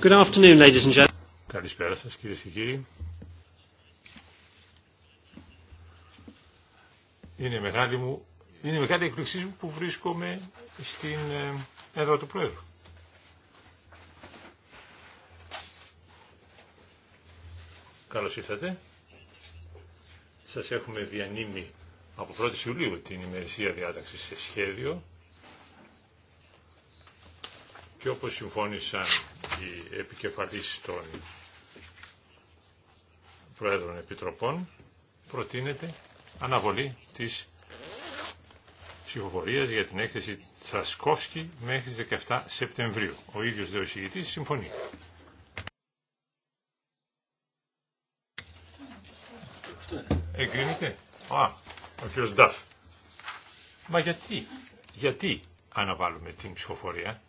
Good afternoon, ladies and gentlemen. Καλησπέρα σας κυρίες και κύριοι. Είναι μεγάλη μου, είναι μεγάλη εκπληξή μου που βρίσκομαι στην ε, έδρα του Πρόεδρου. Καλώς ήρθατε. Σας έχουμε διανύμει από 1η Ιουλίου την ημερησία διάταξη σε σχέδιο και όπως συμφώνησαν η επικεφαλής των Προέδρων Επιτροπών προτείνεται αναβολή της ψηφοφορίας για την έκθεση Τσασκόφσκι μέχρι τις 17 Σεπτεμβρίου. Ο ίδιος δε συμφωνεί. Εγκρίνεται. Α, ο κ. Νταφ. Μα γιατί, γιατί αναβάλουμε την ψηφοφορία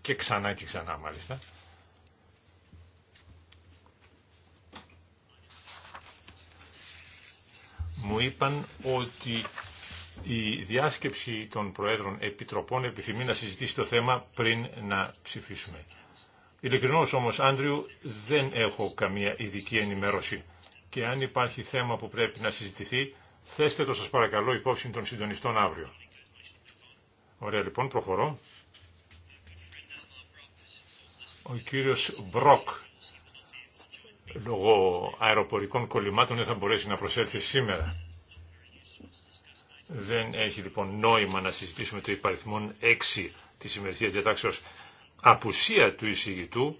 και ξανά και ξανά μάλιστα. μου είπαν ότι η διάσκεψη των Προέδρων Επιτροπών επιθυμεί να συζητήσει το θέμα πριν να ψηφίσουμε. Ειλικρινώς όμως, Άντριου, δεν έχω καμία ειδική ενημέρωση. Και αν υπάρχει θέμα που πρέπει να συζητηθεί, θέστε το σας παρακαλώ υπόψη των συντονιστών αύριο. Ωραία λοιπόν, προχωρώ. Ο κύριος Μπροκ λόγω αεροπορικών κολλημάτων δεν θα μπορέσει να προσέλθει σήμερα. Δεν έχει λοιπόν νόημα να συζητήσουμε το υπαριθμό 6 της ημερησίας διατάξεως απουσία του εισηγητού.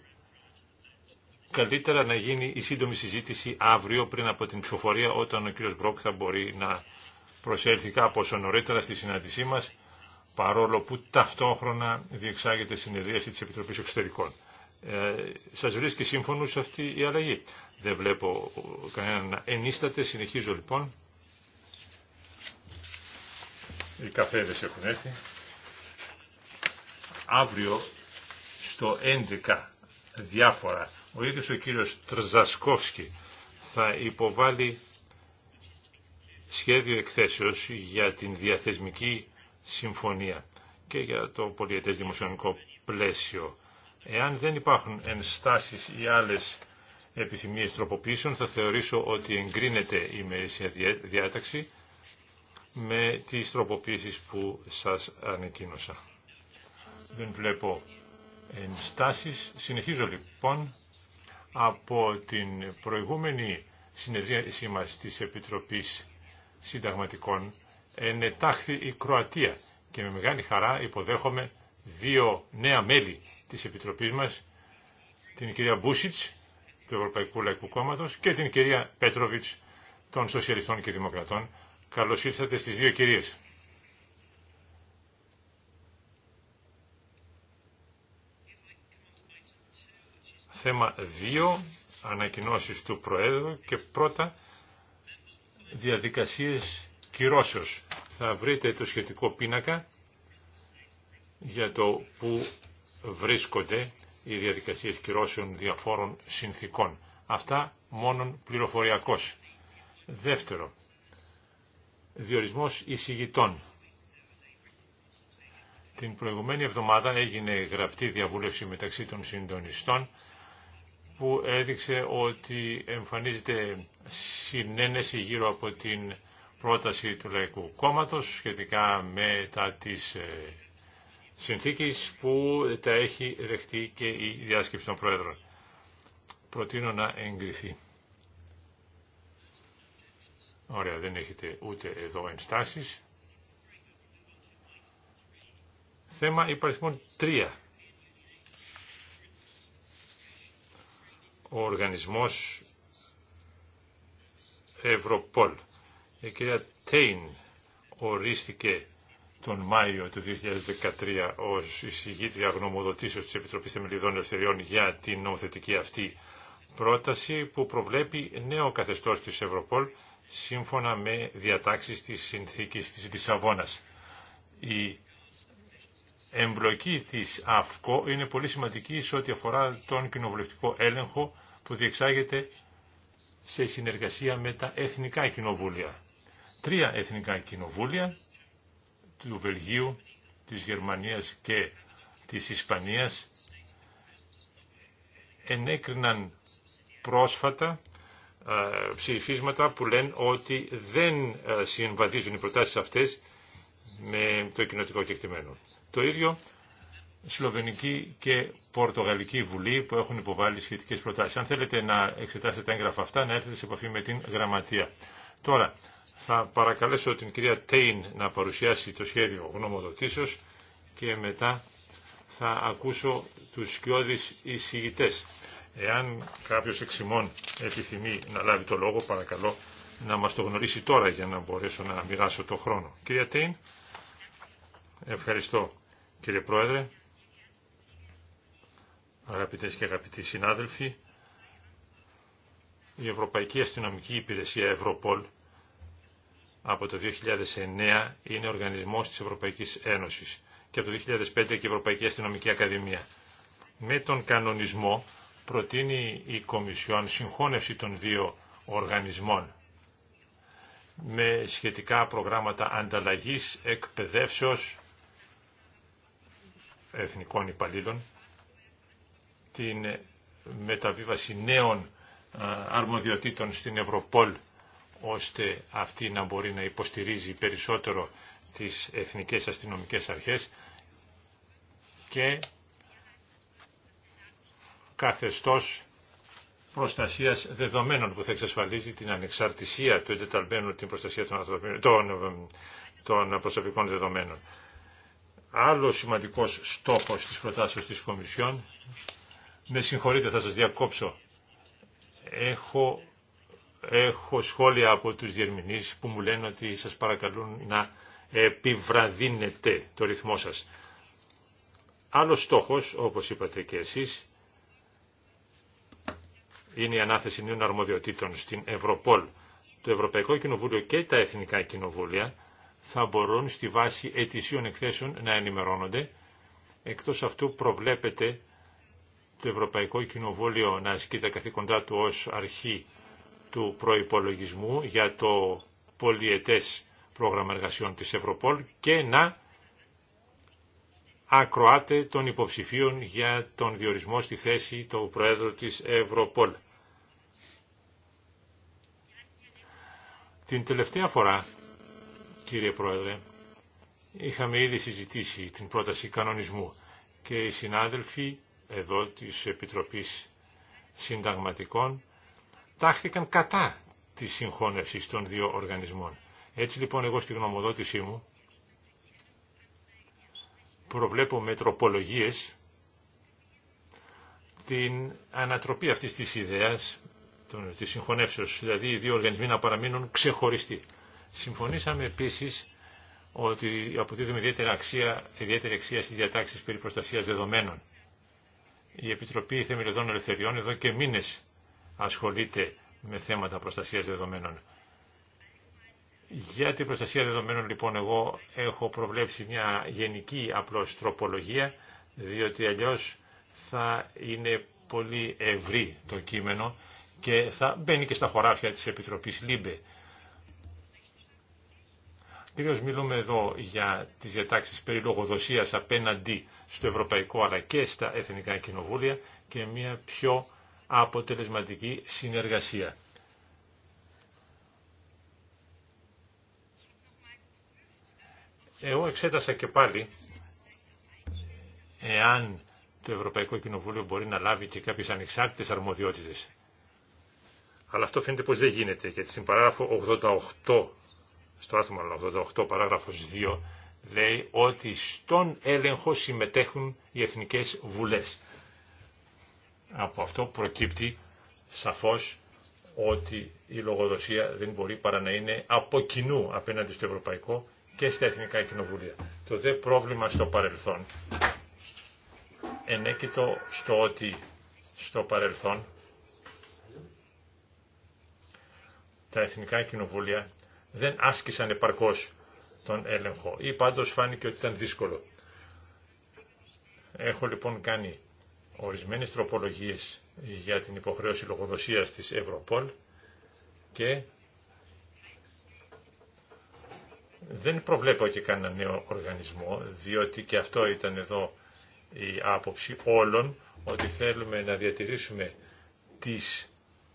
Καλύτερα να γίνει η σύντομη συζήτηση αύριο πριν από την ψηφοφορία όταν ο κύριος Μπρόκ θα μπορεί να προσέλθει κάπως νωρίτερα στη συνάντησή μας παρόλο που ταυτόχρονα διεξάγεται συνεδρίαση της Επιτροπής Εξωτερικών ε, σας βρίσκει σε αυτή η αλλαγή. Δεν βλέπω κανέναν να ενίσταται, συνεχίζω λοιπόν. Οι καφέδες έχουν έρθει. Αύριο στο 11 διάφορα ο ίδιος ο κύριος Τρζασκόφσκι θα υποβάλει σχέδιο εκθέσεως για την διαθεσμική συμφωνία και για το πολιετές δημοσιονομικό πλαίσιο. Εάν δεν υπάρχουν ενστάσεις ή άλλες επιθυμίες τροποποίησεων, θα θεωρήσω ότι εγκρίνεται η μερίσια διάταξη με τις τροποποίησεις που σας ανακοίνωσα. Δεν βλέπω ενστάσεις. Συνεχίζω λοιπόν από την προηγούμενη συνεδρίασή μας της Επιτροπής Συνταγματικών ενετάχθη η Κροατία και με μεγάλη χαρά υποδέχομαι δύο νέα μέλη της Επιτροπής μας, την κυρία Μπούσιτς του Ευρωπαϊκού Λαϊκού Κόμματος και την κυρία Πέτροβιτς των Σοσιαλιστών και Δημοκρατών. Καλώς ήρθατε στις δύο κυρίες. Θέμα 2, ανακοινώσεις του Προέδρου και πρώτα διαδικασίες κυρώσεως. Θα βρείτε το σχετικό πίνακα για το που βρίσκονται οι διαδικασίες κυρώσεων διαφόρων συνθήκων. Αυτά μόνον πληροφοριακός. Δεύτερο, διορισμός εισηγητών. Την προηγουμένη εβδομάδα έγινε γραπτή διαβούλευση μεταξύ των συντονιστών που έδειξε ότι εμφανίζεται συνένεση γύρω από την πρόταση του Λαϊκού Κόμματος σχετικά με τα της ε, συνθήκης που τα έχει δεχτεί και η διάσκεψη των Πρόεδρων. Προτείνω να εγκριθεί. Ωραία, δεν έχετε ούτε εδώ ενστάσεις. Θέμα υπαριθμών 3. Ο οργανισμός Ευρωπόλ. Η ε, κυρία Τέιν ορίστηκε τον Μάιο του 2013 ως εισηγήτρια γνωμοδοτήσεως της Επιτροπής Θεμελιδών Ελευθεριών για την νομοθετική αυτή πρόταση που προβλέπει νέο καθεστώς της Ευρωπόλ σύμφωνα με διατάξεις της συνθήκης της Λισαβόνας. Η εμπλοκή της ΑΦΚΟ είναι πολύ σημαντική σε ό,τι αφορά τον κοινοβουλευτικό έλεγχο που διεξάγεται σε συνεργασία με τα εθνικά κοινοβούλια. Τρία εθνικά κοινοβούλια του Βελγίου, της Γερμανίας και της Ισπανίας ενέκριναν πρόσφατα ε, ψηφίσματα που λένε ότι δεν ε, συμβαδίζουν οι προτάσεις αυτές με το κοινοτικό κεκτημένο. Το ίδιο Σλοβενική και Πορτογαλική Βουλή που έχουν υποβάλει σχετικές προτάσεις. Αν θέλετε να εξετάσετε τα έγγραφα αυτά, να έρθετε σε επαφή με την γραμματεία. Τώρα, θα παρακαλέσω την κυρία Τέιν να παρουσιάσει το σχέδιο γνωμοδοτήσεως και μετά θα ακούσω τους σκιώδεις εισηγητές. Εάν κάποιος εξημών επιθυμεί να λάβει το λόγο, παρακαλώ να μας το γνωρίσει τώρα για να μπορέσω να μοιράσω το χρόνο. Κυρία Τέιν, ευχαριστώ κύριε Πρόεδρε, αγαπητές και αγαπητοί συνάδελφοι. Η Ευρωπαϊκή Αστυνομική Υπηρεσία Ευρωπόλ από το 2009 είναι οργανισμός της Ευρωπαϊκής Ένωσης και από το 2005 και η Ευρωπαϊκή Αστυνομική Ακαδημία. Με τον κανονισμό προτείνει η Κομισιόν συγχώνευση των δύο οργανισμών με σχετικά προγράμματα ανταλλαγής, εκπαιδεύσεως εθνικών υπαλλήλων, την μεταβίβαση νέων αρμοδιοτήτων στην Ευρωπόλ ώστε αυτή να μπορεί να υποστηρίζει περισσότερο τις εθνικές αστυνομικές αρχές και καθεστώς προστασίας δεδομένων που θα εξασφαλίζει την ανεξαρτησία του εντεταλμένου την προστασία των, των, των προσωπικών δεδομένων. Άλλο σημαντικός στόχος της προτάσεως της Κομισιόν, με συγχωρείτε θα σας διακόψω, έχω έχω σχόλια από τους διερμηνείς που μου λένε ότι σας παρακαλούν να επιβραδύνετε το ρυθμό σας. Άλλος στόχος, όπως είπατε και εσείς, είναι η ανάθεση νέων αρμοδιοτήτων στην Ευρωπόλ. Το Ευρωπαϊκό Κοινοβούλιο και τα Εθνικά Κοινοβούλια θα μπορούν στη βάση ετησίων εκθέσεων να ενημερώνονται. Εκτός αυτού προβλέπεται το Ευρωπαϊκό Κοινοβούλιο να ασκεί τα καθήκοντά του ως αρχή του προϋπολογισμού για το πολιετές πρόγραμμα εργασιών της Ευρωπόλ και να ακροάτε των υποψηφίων για τον διορισμό στη θέση του Προέδρου της Ευρωπόλ. Την τελευταία φορά, κύριε Πρόεδρε, είχαμε ήδη συζητήσει την πρόταση κανονισμού και οι συνάδελφοι εδώ της Επιτροπής Συνταγματικών τάχθηκαν κατά τη συγχώνευση των δύο οργανισμών. Έτσι λοιπόν εγώ στη γνωμοδότησή μου προβλέπω με τροπολογίες την ανατροπή αυτής της ιδέας της συγχωνεύσεως, δηλαδή οι δύο οργανισμοί να παραμείνουν ξεχωριστοί. Συμφωνήσαμε επίσης ότι αποδίδουμε ιδιαίτερη αξία, ιδιαίτερη αξία στις διατάξεις περί προστασίας δεδομένων. Η Επιτροπή Θεμελιωδών Ελευθεριών εδώ και μήνες ασχολείται με θέματα προστασίας δεδομένων. Για την προστασία δεδομένων λοιπόν εγώ έχω προβλέψει μια γενική απλώς τροπολογία διότι αλλιώς θα είναι πολύ ευρύ το κείμενο και θα μπαίνει και στα χωράφια της Επιτροπής ΛΥΜΠΕ. Κυρίως μιλούμε εδώ για τις διατάξεις περί λογοδοσίας απέναντι στο Ευρωπαϊκό αλλά και στα Εθνικά Κοινοβούλια και μια πιο αποτελεσματική συνεργασία. Εγώ εξέτασα και πάλι εάν το Ευρωπαϊκό Κοινοβούλιο μπορεί να λάβει και κάποιες ανεξάρτητες αρμοδιότητες. Αλλά αυτό φαίνεται πως δεν γίνεται, γιατί στην παράγραφο 88, στο άρθρο 88, παράγραφος 2, λέει ότι στον έλεγχο συμμετέχουν οι εθνικές βουλές. Από αυτό προκύπτει σαφώς ότι η λογοδοσία δεν μπορεί παρά να είναι από κοινού απέναντι στο Ευρωπαϊκό και στα Εθνικά Κοινοβουλία. Το δε πρόβλημα στο παρελθόν ενέκειτο στο ότι στο παρελθόν τα Εθνικά Κοινοβούλια δεν άσκησαν επαρκώς τον έλεγχο ή πάντως φάνηκε ότι ήταν δύσκολο. Έχω λοιπόν κάνει ορισμένες τροπολογίες για την υποχρέωση λογοδοσίας της Ευρωπόλ και δεν προβλέπω και κανένα νέο οργανισμό, διότι και αυτό ήταν εδώ η άποψη όλων, ότι θέλουμε να διατηρήσουμε τις,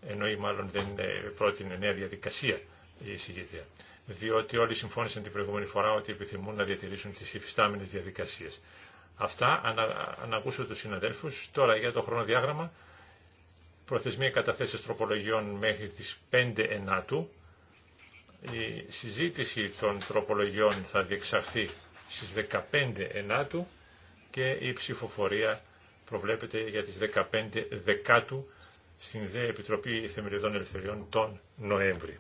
ενώ μάλλον δεν ε, πρότεινε νέα διαδικασία η εισηγητια διότι όλοι συμφώνησαν την προηγούμενη φορά ότι επιθυμούν να διατηρήσουν τις υφιστάμενες διαδικασίες αυτά, ανα, ανακούσω τους συναδέλφους. Τώρα για το χρονοδιάγραμμα, προθεσμία καταθέσεις τροπολογιών μέχρι τις 5 Ενάτου. Η συζήτηση των τροπολογιών θα διεξαχθεί στις 15 Ενάτου και η ψηφοφορία προβλέπεται για τις 15 Δεκάτου στην ΔΕ Επιτροπή Θεμελιωδών Ελευθεριών τον Νοέμβρη.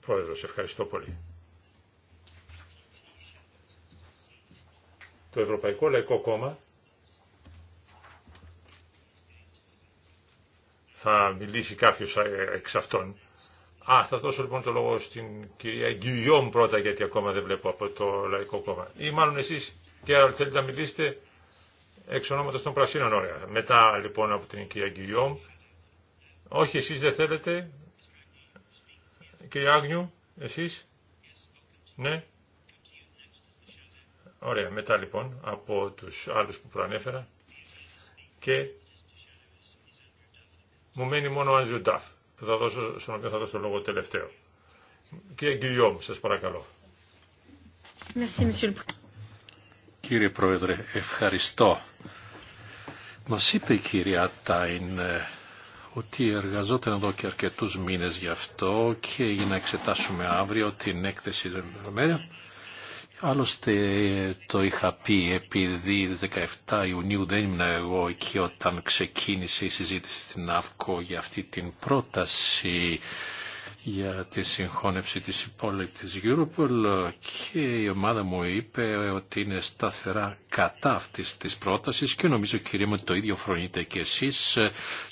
Πρόεδρος, ευχαριστώ πολύ. το Ευρωπαϊκό Λαϊκό Κόμμα θα μιλήσει κάποιος εξ αυτών. Α, θα δώσω λοιπόν το λόγο στην κυρία Γκυλιόμ πρώτα, γιατί ακόμα δεν βλέπω από το Λαϊκό Κόμμα. Ή μάλλον εσείς, και θέλετε να μιλήσετε εξ ονόματος των Πρασίνων, ωραία. Μετά λοιπόν από την κυρία Γκυλιόμ. Όχι, εσείς δεν θέλετε. Κυρία Άγνιου, εσείς. Ναι. Ωραία, μετά λοιπόν από τους άλλους που προανέφερα και μου μένει μόνο ο Άντζιου Νταφ, που θα δώσω, στον οποίο θα δώσω λόγο τελευταίο. Κύριε Γκυλιόμ, σας παρακαλώ. Κύριε Πρόεδρε, ευχαριστώ. Μας είπε η κυρία Τάιν ε, ότι εργαζόταν εδώ και αρκετούς μήνες γι' αυτό και για να εξετάσουμε αύριο την έκθεση των Άλλωστε το είχα πει επειδή 17 Ιουνίου δεν ήμουν εγώ εκεί όταν ξεκίνησε η συζήτηση στην ΑΦΚΟ για αυτή την πρόταση για τη συγχώνευση της υπόλοιπης Europol και η ομάδα μου είπε ότι είναι σταθερά κατά αυτής της πρότασης και νομίζω κύριε μου ότι το ίδιο φρονείτε και εσείς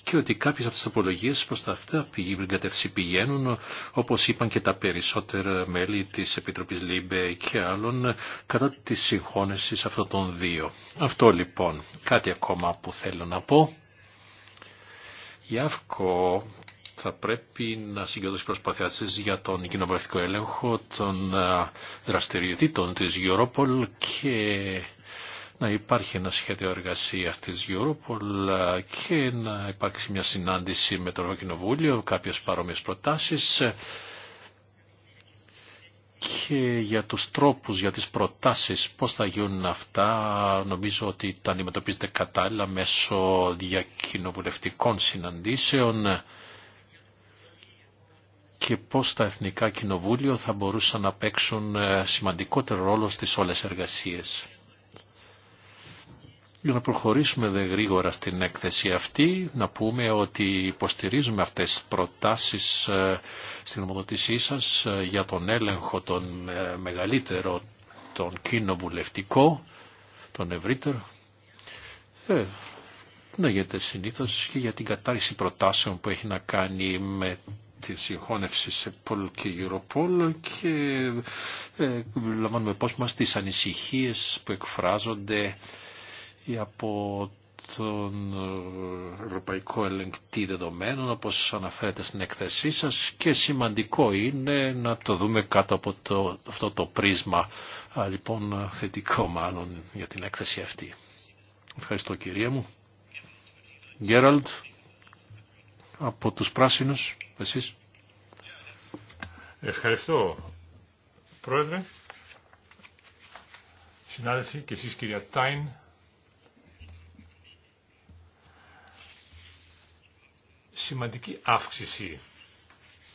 και ότι κάποιες από τις απολογίες προς τα αυτά κατεύθυνση πηγαίνουν όπως είπαν και τα περισσότερα μέλη της Επιτροπής Λίμπε και άλλων κατά τη συγχώνευσης αυτών των δύο. Αυτό λοιπόν. Κάτι ακόμα που θέλω να πω. Η ΑΦΚΟ θα πρέπει να συγκεντρώσει προσπάθειά τη για τον κοινοβουλευτικό έλεγχο ε, των δραστηριοτήτων τη Europol και να υπάρχει ένα σχέδιο εργασία τη Europol ε, και να υπάρξει μια συνάντηση με το Ευρωκοινοβούλιο, κάποιε παρόμοιε προτάσει. Ε, και για τους τρόπους, για τις προτάσεις, πώς θα γίνουν αυτά, νομίζω ότι τα αντιμετωπίζετε κατάλληλα μέσω διακοινοβουλευτικών συναντήσεων και πώς τα Εθνικά Κοινοβούλια θα μπορούσαν να παίξουν ε, σημαντικότερο ρόλο στις όλες εργασίες. Για να προχωρήσουμε δε γρήγορα στην έκθεση αυτή, να πούμε ότι υποστηρίζουμε αυτές τις προτάσεις ε, στην ομοδοτησή σας ε, για τον έλεγχο τον μεγαλύτερο, τον κοινοβουλευτικό, τον ευρύτερο. να γίνεται συνήθως και για την κατάρριξη προτάσεων που έχει να κάνει με συγχώνευση σε Πολ και Europol και ε, λαμβάνουμε υπόψη μας τις ανησυχίες που εκφράζονται από τον ε, Ευρωπαϊκό Ελεγκτή Δεδομένων όπως αναφέρεται στην εκθεσή σας και σημαντικό είναι να το δούμε κάτω από το, αυτό το πρίσμα λοιπόν θετικό μάλλον για την έκθεση αυτή. Ευχαριστώ κυρία μου. Γκέραλτ από τους πράσινους, εσείς. Ευχαριστώ, Πρόεδρε. Συνάδελφοι και εσείς κυρία Τάιν. Σημαντική αύξηση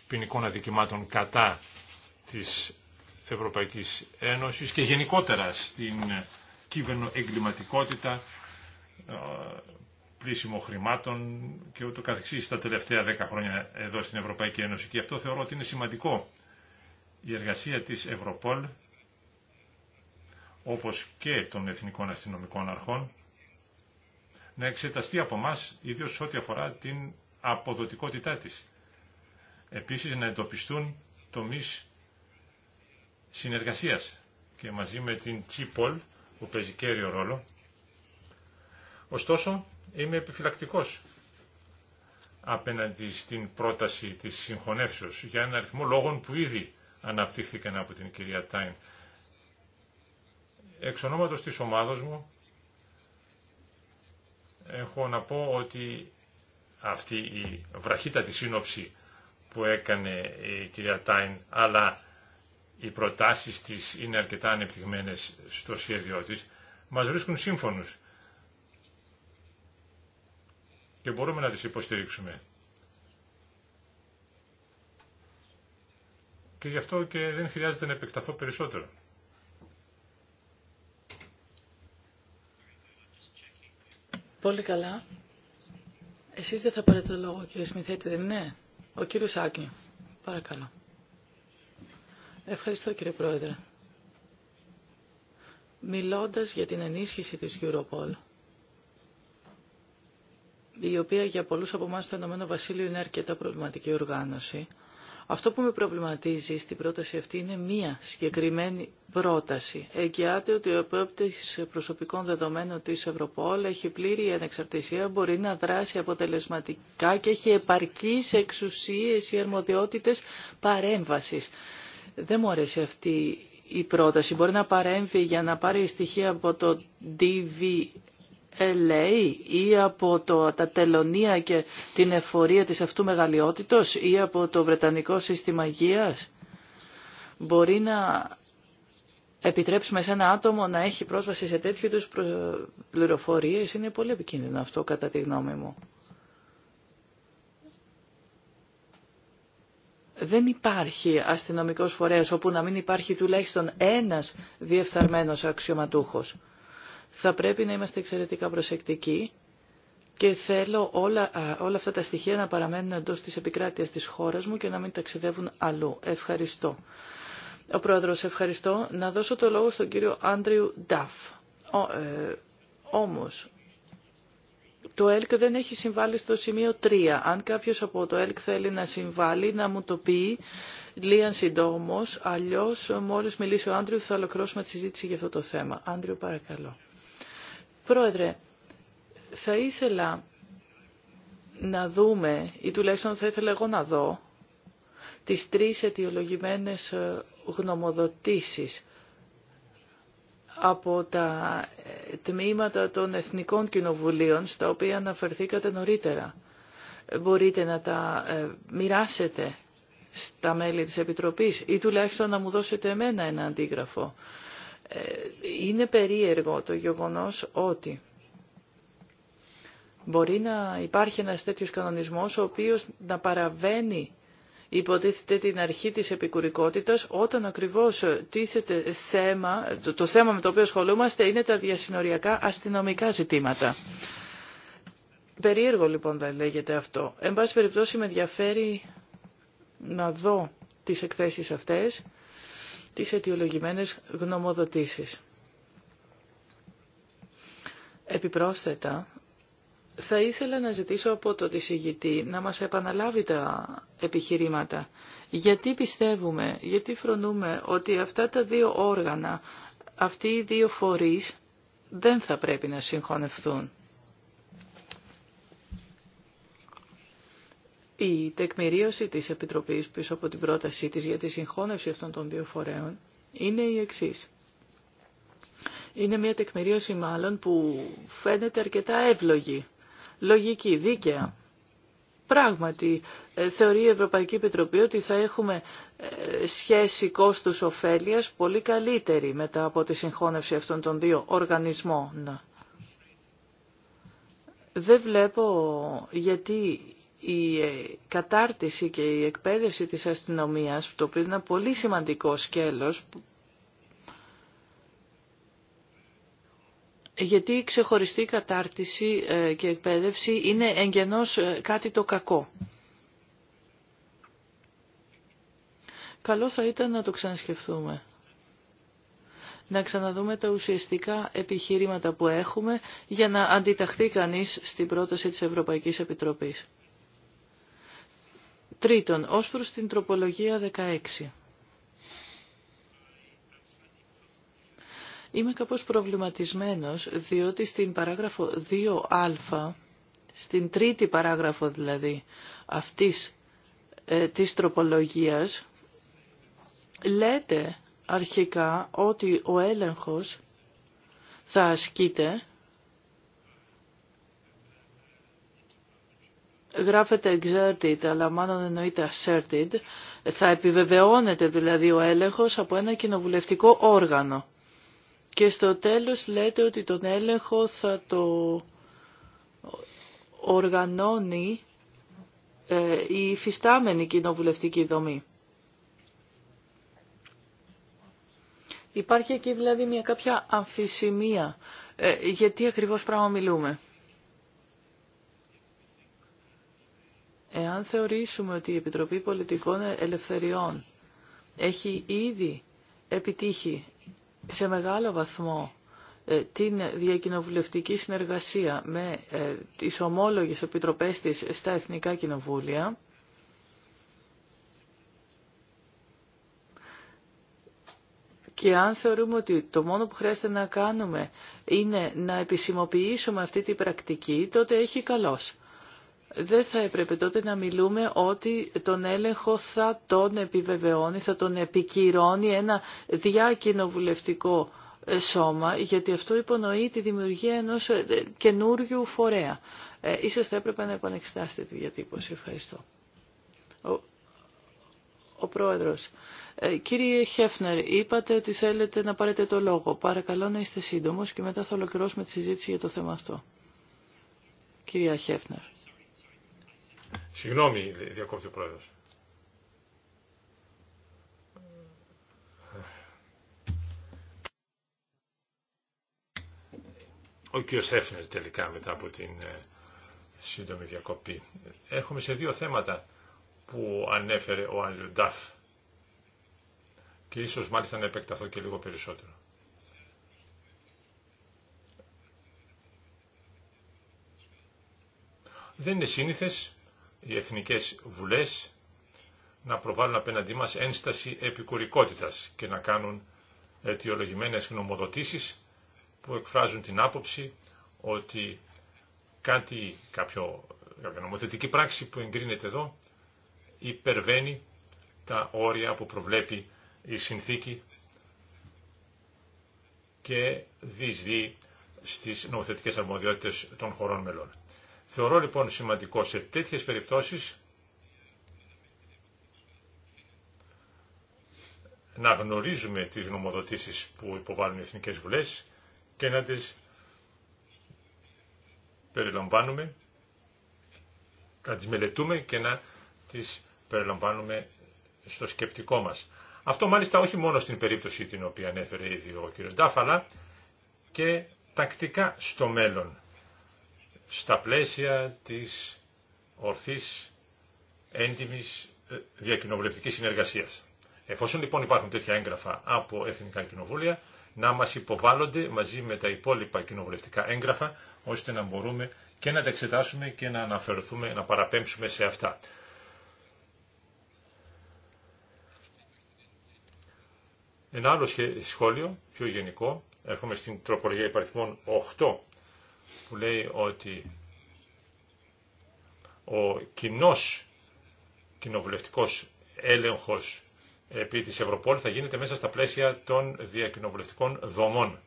ποινικών αδικημάτων κατά της Ευρωπαϊκής Ένωσης και γενικότερα στην κύβερνο εγκληματικότητα πλήσιμο χρημάτων και ούτω καθεξής τα τελευταία δέκα χρόνια εδώ στην Ευρωπαϊκή Ένωση. Και αυτό θεωρώ ότι είναι σημαντικό. Η εργασία της Ευρωπόλ, όπως και των Εθνικών Αστυνομικών Αρχών, να εξεταστεί από εμά ιδίως ό,τι αφορά την αποδοτικότητά της. Επίσης να εντοπιστούν τομείς συνεργασίας και μαζί με την Τσίπολ που παίζει κέριο ρόλο. Ωστόσο, Είμαι επιφυλακτικός απέναντι στην πρόταση της συγχωνεύσεως για ένα αριθμό λόγων που ήδη αναπτύχθηκαν από την κυρία Τάιν. Εξ ονόματος της ομάδος μου έχω να πω ότι αυτή η βραχύτατη σύνοψη που έκανε η κυρία Τάιν, αλλά οι προτάσεις της είναι αρκετά ανεπτυγμένες στο σχέδιό της, μας βρίσκουν σύμφωνους και μπορούμε να τις υποστηρίξουμε. Και γι' αυτό και δεν χρειάζεται να επεκταθώ περισσότερο. Πολύ καλά. Εσείς δεν θα πάρετε λόγο, κύριε Σμιθέτη, δεν είναι. Ο κύριος Άκη, Παρακαλώ. Ευχαριστώ, κύριε Πρόεδρε. Μιλώντας για την ενίσχυση της Europol, η οποία για πολλούς από εμάς στο Ηνωμένο Βασίλειο είναι αρκετά προβληματική οργάνωση. Αυτό που με προβληματίζει στην πρόταση αυτή είναι μία συγκεκριμένη πρόταση. Εγγυάται ότι ο επέπτυξης προσωπικών δεδομένων της Ευρωπόλ έχει πλήρη ανεξαρτησία, μπορεί να δράσει αποτελεσματικά και έχει επαρκείς εξουσίες ή αρμοδιότητες παρέμβασης. Δεν μου αρέσει αυτή η πρόταση. Μπορεί να παρέμβει για να πάρει στοιχεία από το DV Λέει ή από το, τα τελωνία και την εφορία της αυτού μεγαλειότητος ή από το Βρετανικό Σύστημα Υγείας. Μπορεί να επιτρέψουμε σε ένα άτομο να έχει πρόσβαση σε τέτοιου πληροφορίες. Είναι πολύ επικίνδυνο αυτό κατά τη γνώμη μου. δεν υπάρχει αστυνομικός φορέας όπου να μην υπάρχει τουλάχιστον ένας διεφθαρμένος αξιωματούχος θα πρέπει να είμαστε εξαιρετικά προσεκτικοί και θέλω όλα, όλα αυτά τα στοιχεία να παραμένουν εντός της επικράτειας της χώρας μου και να μην ταξιδεύουν αλλού. Ευχαριστώ. Ο Πρόεδρος, ευχαριστώ. Να δώσω το λόγο στον κύριο Άντριου Νταφ. Ε, όμως, το ΕΛΚ δεν έχει συμβάλει στο σημείο 3. Αν κάποιος από το ΕΛΚ θέλει να συμβάλει, να μου το πει λίγαν συντόμως, αλλιώς μόλις μιλήσει ο Άντριου θα ολοκληρώσουμε τη συζήτηση για αυτό το θέμα. Άντριου, παρακαλώ. Πρόεδρε, θα ήθελα να δούμε, ή τουλάχιστον θα ήθελα εγώ να δω, τις τρεις αιτιολογημένες ε, γνωμοδοτήσεις από τα ε, τμήματα των Εθνικών Κοινοβουλίων, στα οποία αναφερθήκατε νωρίτερα. Μπορείτε να τα ε, μοιράσετε στα μέλη της Επιτροπής ή τουλάχιστον να μου δώσετε εμένα ένα αντίγραφο. Ε, είναι περίεργο το γεγονός ότι μπορεί να υπάρχει ένας τέτοιος κανονισμός ο οποίος να παραβαίνει υποτίθεται την αρχή της επικουρικότητας όταν ακριβώς τίθεται θέμα, το, το θέμα με το οποίο ασχολούμαστε είναι τα διασυνοριακά αστυνομικά ζητήματα. Περίεργο λοιπόν τα λέγεται αυτό. Εν πάση περιπτώσει με ενδιαφέρει να δω τις εκθέσεις αυτές τις αιτιολογημένες γνωμοδοτήσεις. Επιπρόσθετα, θα ήθελα να ζητήσω από τον εισηγητή να μας επαναλάβει τα επιχειρήματα. Γιατί πιστεύουμε, γιατί φρονούμε ότι αυτά τα δύο όργανα, αυτοί οι δύο φορείς δεν θα πρέπει να συγχωνευτούν. Η τεκμηρίωση της Επιτροπής πίσω από την πρότασή της για τη συγχώνευση αυτών των δύο φορέων είναι η εξής. Είναι μια τεκμηρίωση μάλλον που φαίνεται αρκετά εύλογη, λογική, δίκαια. Πράγματι, ε, θεωρεί η Ευρωπαϊκή Επιτροπή ότι θα έχουμε ε, σχέση κόστους ωφέλειας πολύ καλύτερη μετά από τη συγχώνευση αυτών των δύο οργανισμών. Δεν βλέπω γιατί η ε, κατάρτιση και η εκπαίδευση της αστυνομίας, το οποίο είναι ένα πολύ σημαντικό σκέλος, γιατί η ξεχωριστή κατάρτιση ε, και εκπαίδευση είναι εγγενώς ε, κάτι το κακό. Καλό θα ήταν να το ξανασκεφτούμε. Να ξαναδούμε τα ουσιαστικά επιχειρήματα που έχουμε για να αντιταχθεί κανείς στην πρόταση της Ευρωπαϊκής Επιτροπής. Τρίτον, ως προς την τροπολογία 16. Είμαι κάπως προβληματισμένος, διότι στην παράγραφο 2α, στην τρίτη παράγραφο δηλαδή αυτής ε, της τροπολογίας, λέτε αρχικά ότι ο έλεγχος θα ασκείται γράφεται exerted, αλλά μάλλον εννοείται asserted, θα επιβεβαιώνεται δηλαδή ο έλεγχος από ένα κοινοβουλευτικό όργανο. Και στο τέλος λέτε ότι τον έλεγχο θα το οργανώνει ε, η υφιστάμενη κοινοβουλευτική δομή. Υπάρχει εκεί δηλαδή μια κάποια αμφισημία. Ε, γιατί ακριβώς πράγμα μιλούμε. Εάν θεωρήσουμε ότι η Επιτροπή Πολιτικών Ελευθεριών έχει ήδη επιτύχει σε μεγάλο βαθμό ε, την διακοινοβουλευτική συνεργασία με ε, τις ομόλογες επιτροπές της στα Εθνικά Κοινοβούλια, Και αν θεωρούμε ότι το μόνο που χρειάζεται να κάνουμε είναι να επισημοποιήσουμε αυτή την πρακτική, τότε έχει καλός δεν θα έπρεπε τότε να μιλούμε ότι τον έλεγχο θα τον επιβεβαιώνει, θα τον επικυρώνει ένα διακοινοβουλευτικό ε, σώμα, γιατί αυτό υπονοεί τη δημιουργία ενός ε, καινούριου φορέα. Ε, ίσως θα έπρεπε να επανεξετάσετε τη διατύπωση. Ευχαριστώ. Ο, ο Πρόεδρος. Ε, κύριε Χέφνερ, είπατε ότι θέλετε να πάρετε το λόγο. Παρακαλώ να είστε σύντομος και μετά θα ολοκληρώσουμε τη συζήτηση για το θέμα αυτό. Κυρία Χέφνερ. Συγγνώμη, διακόπτει ο πρόεδρος. Ο κ. τελικά μετά από την ε, σύντομη διακοπή. Έρχομαι σε δύο θέματα που ανέφερε ο Άντριο Νταφ και ίσως μάλιστα να επεκταθώ και λίγο περισσότερο. Δεν είναι σύνηθες οι εθνικές βουλές να προβάλλουν απέναντί μας ένσταση επικουρικότητας και να κάνουν αιτιολογημένες γνωμοδοτήσεις που εκφράζουν την άποψη ότι κάτι, κάποιο, κάποια νομοθετική πράξη που εγκρίνεται εδώ υπερβαίνει τα όρια που προβλέπει η συνθήκη και διεισδύει στις νομοθετικές αρμοδιότητες των χωρών μελών. Θεωρώ λοιπόν σημαντικό σε τέτοιες περιπτώσεις να γνωρίζουμε τις γνωμοδοτήσεις που υποβάλλουν οι Εθνικές Βουλές και να τις περιλαμβάνουμε, να τις μελετούμε και να τις περιλαμβάνουμε στο σκεπτικό μας. Αυτό μάλιστα όχι μόνο στην περίπτωση την οποία ανέφερε ήδη ο κ. Ντάφαλα και τακτικά στο μέλλον στα πλαίσια της ορθής έντιμης ε, διακοινοβουλευτικής συνεργασίας. Εφόσον λοιπόν υπάρχουν τέτοια έγγραφα από εθνικά κοινοβούλια, να μας υποβάλλονται μαζί με τα υπόλοιπα κοινοβουλευτικά έγγραφα, ώστε να μπορούμε και να τα εξετάσουμε και να αναφερθούμε, να παραπέμψουμε σε αυτά. Ένα άλλο σχόλιο, πιο γενικό, έρχομαι στην τροπολογία υπαριθμών 8 που λέει ότι ο κοινός κοινοβουλευτικός έλεγχος επί της Ευρωπόλ θα γίνεται μέσα στα πλαίσια των διακοινοβουλευτικών δομών.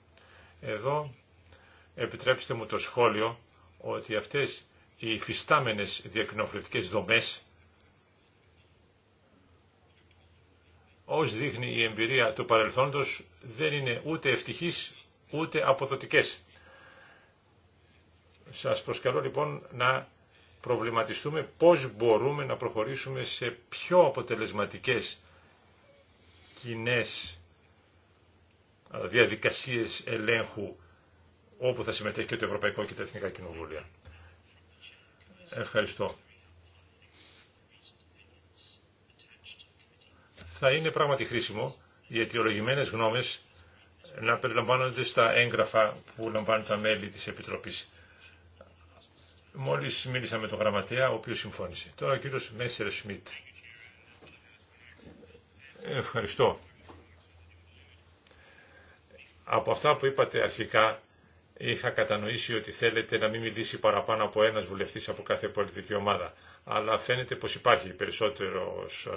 Εδώ επιτρέψτε μου το σχόλιο ότι αυτές οι φυστάμενες διακοινοβουλευτικές δομές ως δείχνει η εμπειρία του παρελθόντος δεν είναι ούτε ευτυχείς ούτε αποδοτικές. Σας προσκαλώ λοιπόν να προβληματιστούμε πώς μπορούμε να προχωρήσουμε σε πιο αποτελεσματικές κοινέ διαδικασίες ελέγχου όπου θα συμμετέχει και το Ευρωπαϊκό και τα Εθνικά Κοινοβούλια. Ευχαριστώ. Θα είναι πράγματι χρήσιμο οι αιτιολογημένες γνώμες να περιλαμβάνονται στα έγγραφα που λαμβάνουν τα μέλη της Επιτροπής. Μόλις μίλησα με τον γραμματέα, ο οποίος συμφώνησε. Τώρα ο κύριος Μέσερ Σμιτ. Ευχαριστώ. Από αυτά που είπατε αρχικά, είχα κατανοήσει ότι θέλετε να μην μιλήσει παραπάνω από ένας βουλευτής από κάθε πολιτική ομάδα. Αλλά φαίνεται πως υπάρχει περισσότερος,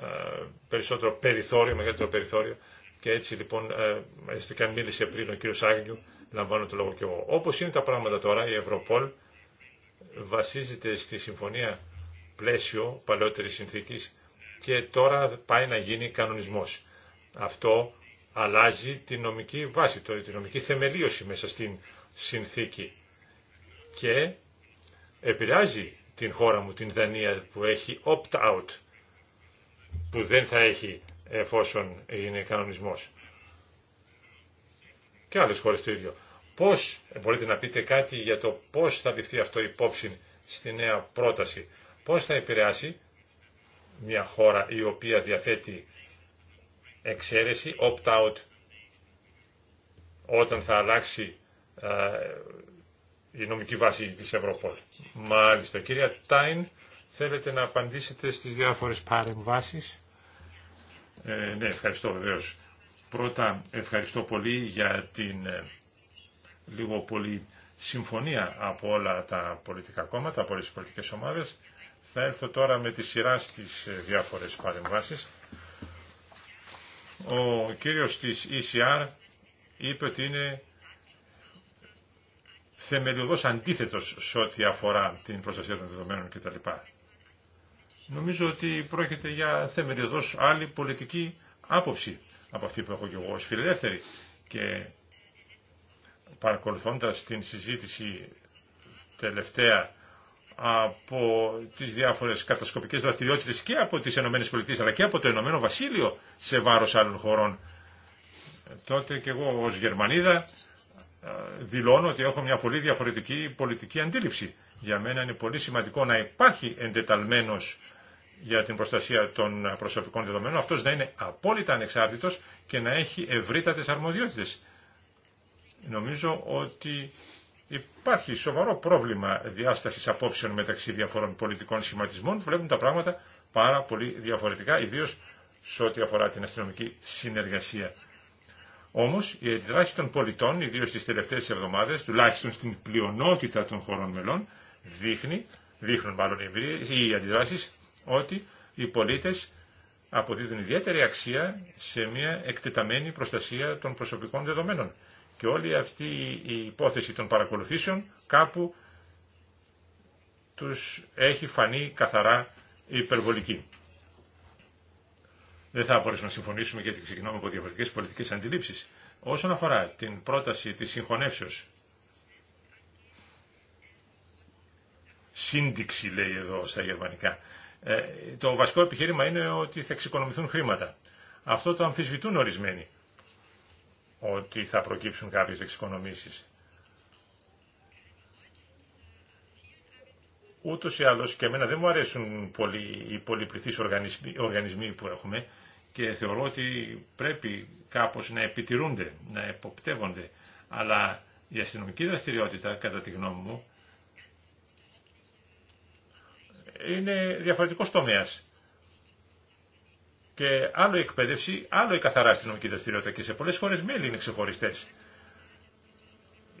ε, ε, περισσότερο περιθώριο, μεγαλύτερο περιθώριο. Και έτσι λοιπόν, ε, έστω και μίλησε πριν ο κύριος Άγνιου, λαμβάνω το λόγο και εγώ. Όπως είναι τα πράγματα τώρα, η Ευρωπόλ βασίζεται στη συμφωνία πλαίσιο παλαιότερης συνθήκης και τώρα πάει να γίνει κανονισμός. Αυτό αλλάζει τη νομική βάση, τη νομική θεμελίωση μέσα στην συνθήκη και επηρεάζει την χώρα μου, την Δανία που έχει opt-out που δεν θα έχει εφόσον είναι κανονισμός. Και άλλες χώρες το ίδιο. Πώς, ε, μπορείτε να πείτε κάτι για το πώς θα ληφθεί αυτό υπόψη στη νέα πρόταση. Πώς θα επηρεάσει μια χώρα η οποία διαθέτει εξαίρεση, opt-out, όταν θα αλλάξει ε, η νομική βάση της Ευρωπόλ. Μάλιστα. Κυρία Τάιν, θέλετε να απαντήσετε στις διάφορες παρεμβάσεις. Ε, ναι, ευχαριστώ βεβαίως. Πρώτα, ευχαριστώ πολύ για την ε, λίγο πολύ συμφωνία από όλα τα πολιτικά κόμματα, από όλες τις πολιτικές ομάδες. Θα έρθω τώρα με τη σειρά στις ε, διάφορες παρεμβάσεις. Ο κύριος της ECR είπε ότι είναι θεμελιωδώς αντίθετος σε ό,τι αφορά την προστασία των δεδομένων κτλ. Νομίζω ότι πρόκειται για θεμελιωδώς άλλη πολιτική άποψη από αυτή που έχω και εγώ ως φιλελεύθερη και παρακολουθώντας την συζήτηση τελευταία από τις διάφορες κατασκοπικές δραστηριότητες και από τις ΗΠΑ αλλά και από το Ηνωμένο Βασίλειο σε βάρος άλλων χωρών. Τότε και εγώ ως Γερμανίδα ε, δηλώνω ότι έχω μια πολύ διαφορετική πολιτική αντίληψη. Για μένα είναι πολύ σημαντικό να υπάρχει εντεταλμένος για την προστασία των προσωπικών δεδομένων, αυτός να είναι απόλυτα ανεξάρτητος και να έχει ευρύτατες αρμοδιότητες. Νομίζω ότι υπάρχει σοβαρό πρόβλημα διάστασης απόψεων μεταξύ διαφορών πολιτικών σχηματισμών. Βλέπουν τα πράγματα πάρα πολύ διαφορετικά, ιδίως σε ό,τι αφορά την αστυνομική συνεργασία. Όμως, η αντιδράση των πολιτών, ιδίως τις τελευταίες εβδομάδες, τουλάχιστον στην πλειονότητα των χωρών μελών, δείχνει, δείχνουν μάλλον οι αντιδράσεις, ότι οι πολίτες αποδίδουν ιδιαίτερη αξία σε μια εκτεταμένη προστασία των προσωπικών δεδομένων. Και όλη αυτή η υπόθεση των παρακολουθήσεων κάπου τους έχει φανεί καθαρά υπερβολική. Δεν θα μπορέσουμε να συμφωνήσουμε γιατί ξεκινάμε από διαφορετικές πολιτικές αντιλήψεις. Όσον αφορά την πρόταση της συγχωνεύσεως, σύνδεξη λέει εδώ στα γερμανικά, ε, το βασικό επιχείρημα είναι ότι θα εξοικονομηθούν χρήματα. Αυτό το αμφισβητούν ορισμένοι ότι θα προκύψουν κάποιες εξοικονομήσεις. Ούτως ή άλλως και εμένα δεν μου αρέσουν πολύ οι πολυπληθείς οργανισμοί, που έχουμε και θεωρώ ότι πρέπει κάπως να επιτηρούνται, να εποπτεύονται. Αλλά η αστυνομική δραστηριότητα, κατά τη γνώμη μου, είναι διαφορετικός τομέας και άλλο η εκπαίδευση, άλλο η καθαρά αστυνομική δραστηριότητα και σε πολλέ χώρε μέλη είναι ξεχωριστέ.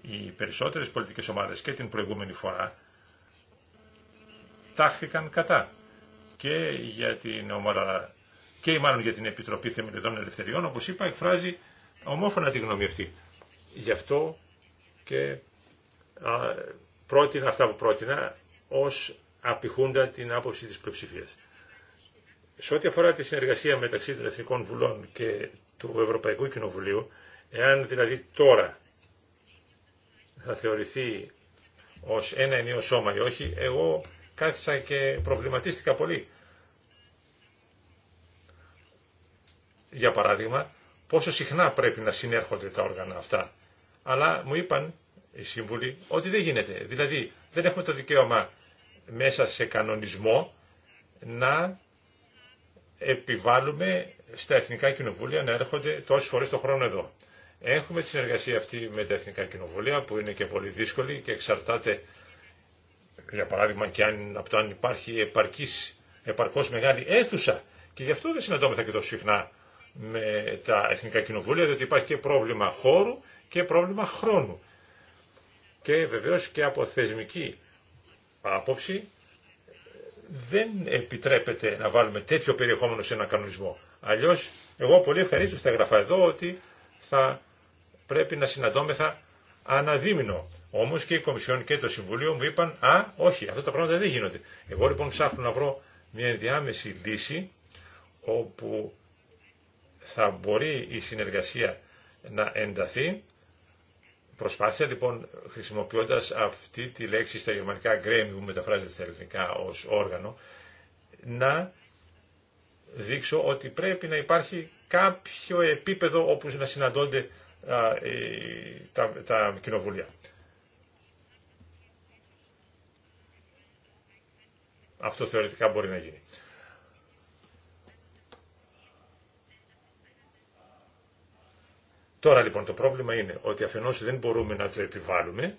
Οι περισσότερε πολιτικέ ομάδε και την προηγούμενη φορά τάχθηκαν κατά και για την ομάδα και μάλλον για την Επιτροπή Θεμελιωδών Ελευθεριών, όπω είπα, εκφράζει ομόφωνα τη γνώμη αυτή. Γι' αυτό και πρότεινα αυτά που πρότεινα ως απηχούντα την άποψη της πλειοψηφίας. Σε ό,τι αφορά τη συνεργασία μεταξύ των Εθνικών Βουλών και του Ευρωπαϊκού Κοινοβουλίου, εάν δηλαδή τώρα θα θεωρηθεί ως ένα ενίο σώμα ή όχι, εγώ κάθισα και προβληματίστηκα πολύ. Για παράδειγμα, πόσο συχνά πρέπει να συνέρχονται τα όργανα αυτά. Αλλά μου είπαν οι σύμβουλοι ότι δεν γίνεται. Δηλαδή, δεν έχουμε το δικαίωμα μέσα σε κανονισμό να επιβάλλουμε στα Εθνικά Κοινοβούλια να έρχονται τόσες φορές το χρόνο εδώ. Έχουμε τη συνεργασία αυτή με τα Εθνικά Κοινοβούλια που είναι και πολύ δύσκολη και εξαρτάται για παράδειγμα και αν, από το αν υπάρχει επαρκώ επαρκώς μεγάλη αίθουσα και γι' αυτό δεν συναντώμεθα και τόσο συχνά με τα Εθνικά Κοινοβούλια διότι υπάρχει και πρόβλημα χώρου και πρόβλημα χρόνου. Και βεβαίω και από θεσμική άποψη δεν επιτρέπεται να βάλουμε τέτοιο περιεχόμενο σε ένα κανονισμό. Αλλιώς εγώ πολύ ευχαρίστως θα έγραφα εδώ ότι θα πρέπει να συναντώμεθα αναδίμηνο. Όμως και η Κομισιόν και το Συμβουλίο μου είπαν «Α, όχι, αυτά τα πράγματα δεν γίνονται». Εγώ λοιπόν ψάχνω να βρω μια ενδιάμεση λύση όπου θα μπορεί η συνεργασία να ενταθεί Προσπάθεια, λοιπόν χρησιμοποιώντας αυτή τη λέξη στα γερμανικά γκρέμι που μεταφράζεται στα ελληνικά ως όργανο να δείξω ότι πρέπει να υπάρχει κάποιο επίπεδο όπου να συναντώνται τα, τα κοινοβουλία. Αυτό θεωρητικά μπορεί να γίνει. Τώρα λοιπόν το πρόβλημα είναι ότι αφενός δεν μπορούμε να το επιβάλλουμε,